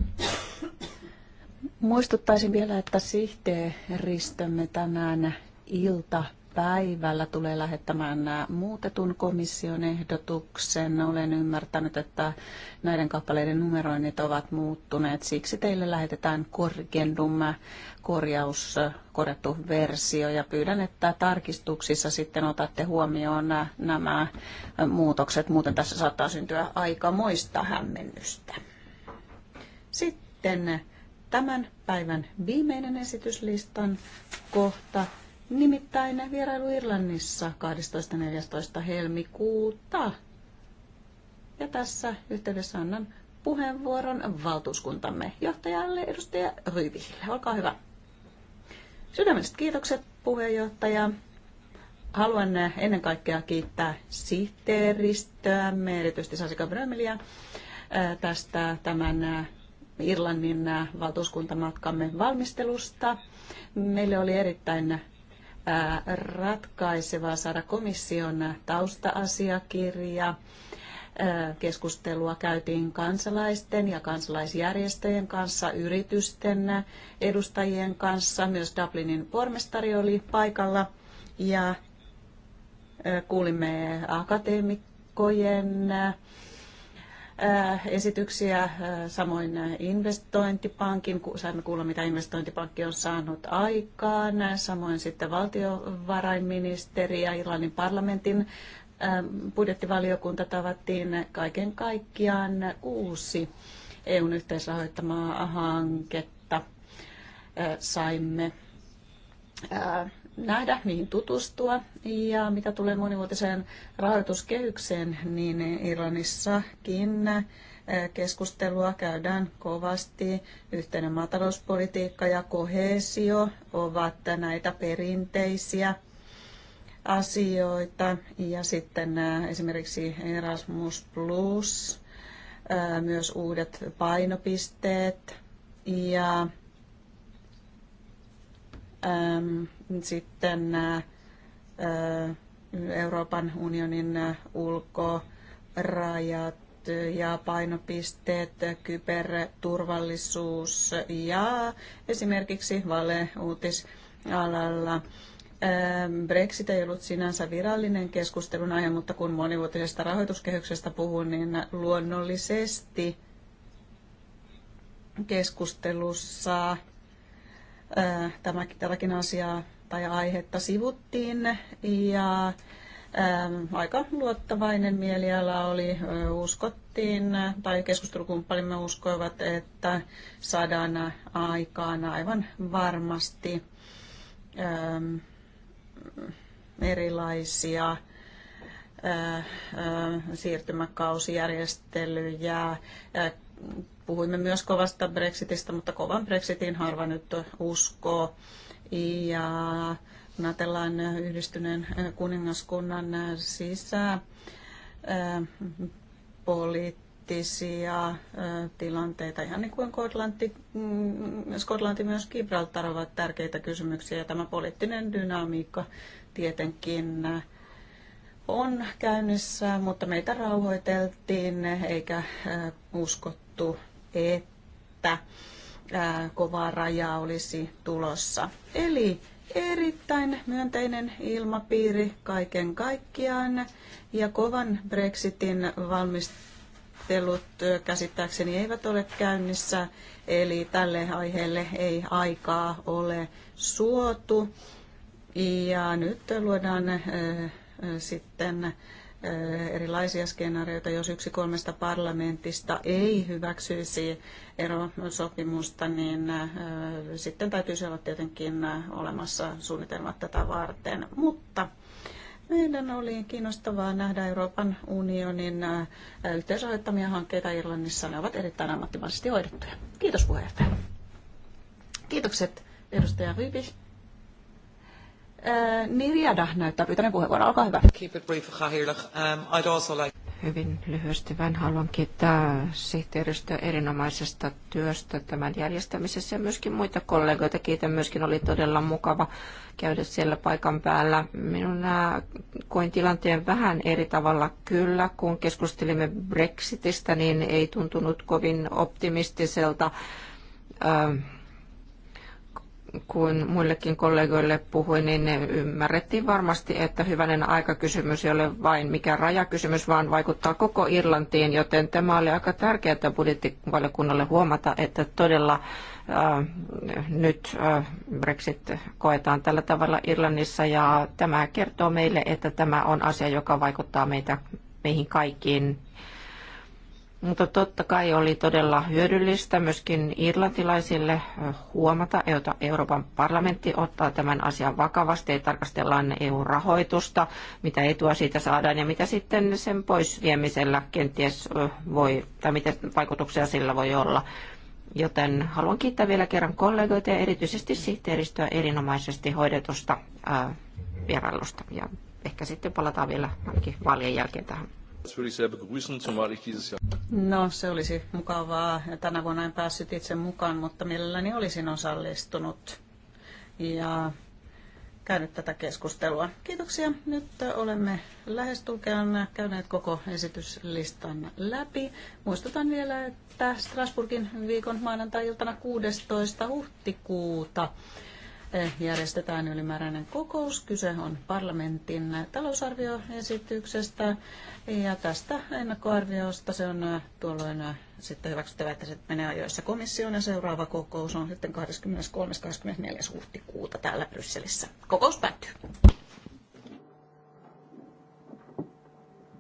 Muistuttaisin vielä, että sihteeristömme tänään ilta päivällä tulee lähettämään muutetun komission ehdotuksen. Olen ymmärtänyt, että näiden kappaleiden numeroinnit ovat muuttuneet. Siksi teille lähetetään korgendum korjaus, korjattu versio ja pyydän, että tarkistuksissa sitten otatte huomioon nämä muutokset. Muuten tässä saattaa syntyä aikamoista hämmennystä. Sitten tämän päivän viimeinen esityslistan kohta Nimittäin vierailu Irlannissa 12.14. helmikuuta. Ja tässä yhteydessä annan puheenvuoron valtuuskuntamme johtajalle edustaja Ryville. Olkaa hyvä. Sydämelliset kiitokset puheenjohtaja. Haluan eh, ennen kaikkea kiittää sihteeristöämme, erityisesti Sasika Brömeliä, eh, tästä tämän eh, Irlannin valtuuskuntamatkamme valmistelusta. Meille oli erittäin Äh, ratkaisevaa saada komission tausta-asiakirja. Äh, keskustelua käytiin kansalaisten ja kansalaisjärjestöjen kanssa, yritysten edustajien kanssa. Myös Dublinin pormestari oli paikalla ja äh, kuulimme akateemikkojen Äh, esityksiä, äh, samoin äh, investointipankin, saimme kuulla mitä investointipankki on saanut aikaan, samoin sitten valtiovarainministeri ja Irlannin parlamentin budjettivaliokunta tavattiin kaiken kaikkiaan kuusi EUn yhteisrahoittamaa hanketta saimme nähdä, niihin tutustua. Ja mitä tulee monivuotiseen rahoituskehykseen, niin Irlannissakin eh, keskustelua käydään kovasti. Yhteinen maatalouspolitiikka ja kohesio ovat näitä perinteisiä asioita. Ja sitten eh, esimerkiksi Erasmus Plus, eh, myös uudet painopisteet ja Ähm, sitten äh, äh, Euroopan unionin äh, ulkorajat ja painopisteet, kyberturvallisuus ja esimerkiksi valeuutisalalla. Ähm, Brexit ei ollut sinänsä virallinen keskustelun aihe, mutta kun monivuotisesta rahoituskehyksestä puhun, niin luonnollisesti keskustelussa tämäkin asiaa tai aihetta sivuttiin ja aika luottavainen mieliala oli. Uskottiin, tai keskustelukumppanimme uskoivat, että saadaan aikaan aivan varmasti erilaisia siirtymäkausijärjestelyjä, puhuimme myös kovasta Brexitistä, mutta kovan Brexitin harva nyt uskoo. Ja kun ajatellaan yhdistyneen kuningaskunnan sisä äh, poliittisia äh, tilanteita, ihan niin kuin Skotlanti, mm, Skotlanti myös Gibraltar ovat tärkeitä kysymyksiä ja tämä poliittinen dynamiikka tietenkin äh, on käynnissä, mutta meitä rauhoiteltiin eikä uskottu sanottu, että kovaa raja olisi tulossa. Eli erittäin myönteinen ilmapiiri kaiken kaikkiaan ja kovan Brexitin valmistelut käsittääkseni eivät ole käynnissä, eli tälle aiheelle ei aikaa ole suotu. Ja nyt luodaan sitten Äh, erilaisia skenaarioita, jos yksi kolmesta parlamentista ei hyväksyisi erosopimusta, niin äh, sitten täytyisi olla tietenkin äh, olemassa suunnitelmat tätä varten. Mutta meidän oli kiinnostavaa nähdä Euroopan unionin yhteisrahoittamia hankkeita Irlannissa. Ne ovat erittäin ammattimaisesti hoidettuja. Kiitos puheenjohtaja. Kiitokset edustaja Rybich. Äh, Niriada näyttää pyytäneen puheenvuoron. Olkaa hyvä. Keep it brief, um, I'd also like... Hyvin lyhyesti vain haluan kiittää sihteeristöä erinomaisesta työstä tämän järjestämisessä ja myöskin muita kollegoita. Kiitän myöskin, oli todella mukava käydä siellä paikan päällä. Minun äh, koin tilanteen vähän eri tavalla kyllä. Kun keskustelimme Brexitistä, niin ei tuntunut kovin optimistiselta. Ähm kuin muillekin kollegoille puhuin, niin ymmärrettiin varmasti, että hyvänen aikakysymys ei ole vain mikä rajakysymys, vaan vaikuttaa koko Irlantiin, joten tämä oli aika tärkeää budjettivaliokunnalle huomata, että todella äh, nyt äh, Brexit koetaan tällä tavalla Irlannissa ja tämä kertoo meille, että tämä on asia, joka vaikuttaa meitä, meihin kaikkiin mutta totta kai oli todella hyödyllistä myöskin irlantilaisille huomata, että Euroopan parlamentti ottaa tämän asian vakavasti ei tarkastellaan EU-rahoitusta, mitä etua siitä saadaan ja mitä sitten sen pois viemisellä kenties voi, tai mitä vaikutuksia sillä voi olla. Joten haluan kiittää vielä kerran kollegoita ja erityisesti sihteeristöä erinomaisesti hoidetusta vierailusta. Ja ehkä sitten palataan vielä ainakin vaalien jälkeen tähän No, se olisi mukavaa. Tänä vuonna en päässyt itse mukaan, mutta mielelläni olisin osallistunut ja käynyt tätä keskustelua. Kiitoksia. Nyt olemme lähestulkeen käyneet koko esityslistan läpi. Muistutan vielä, että Strasburgin viikon maanantai-iltana 16. huhtikuuta järjestetään ylimääräinen kokous. Kyse on parlamentin talousarvioesityksestä ja tästä ennakkoarviosta se on äh, tuolloin äh, sitten hyväksyttävä, että se menee ajoissa komissioon ja seuraava kokous on sitten 23.-24. huhtikuuta täällä Brysselissä. Kokous päättyy.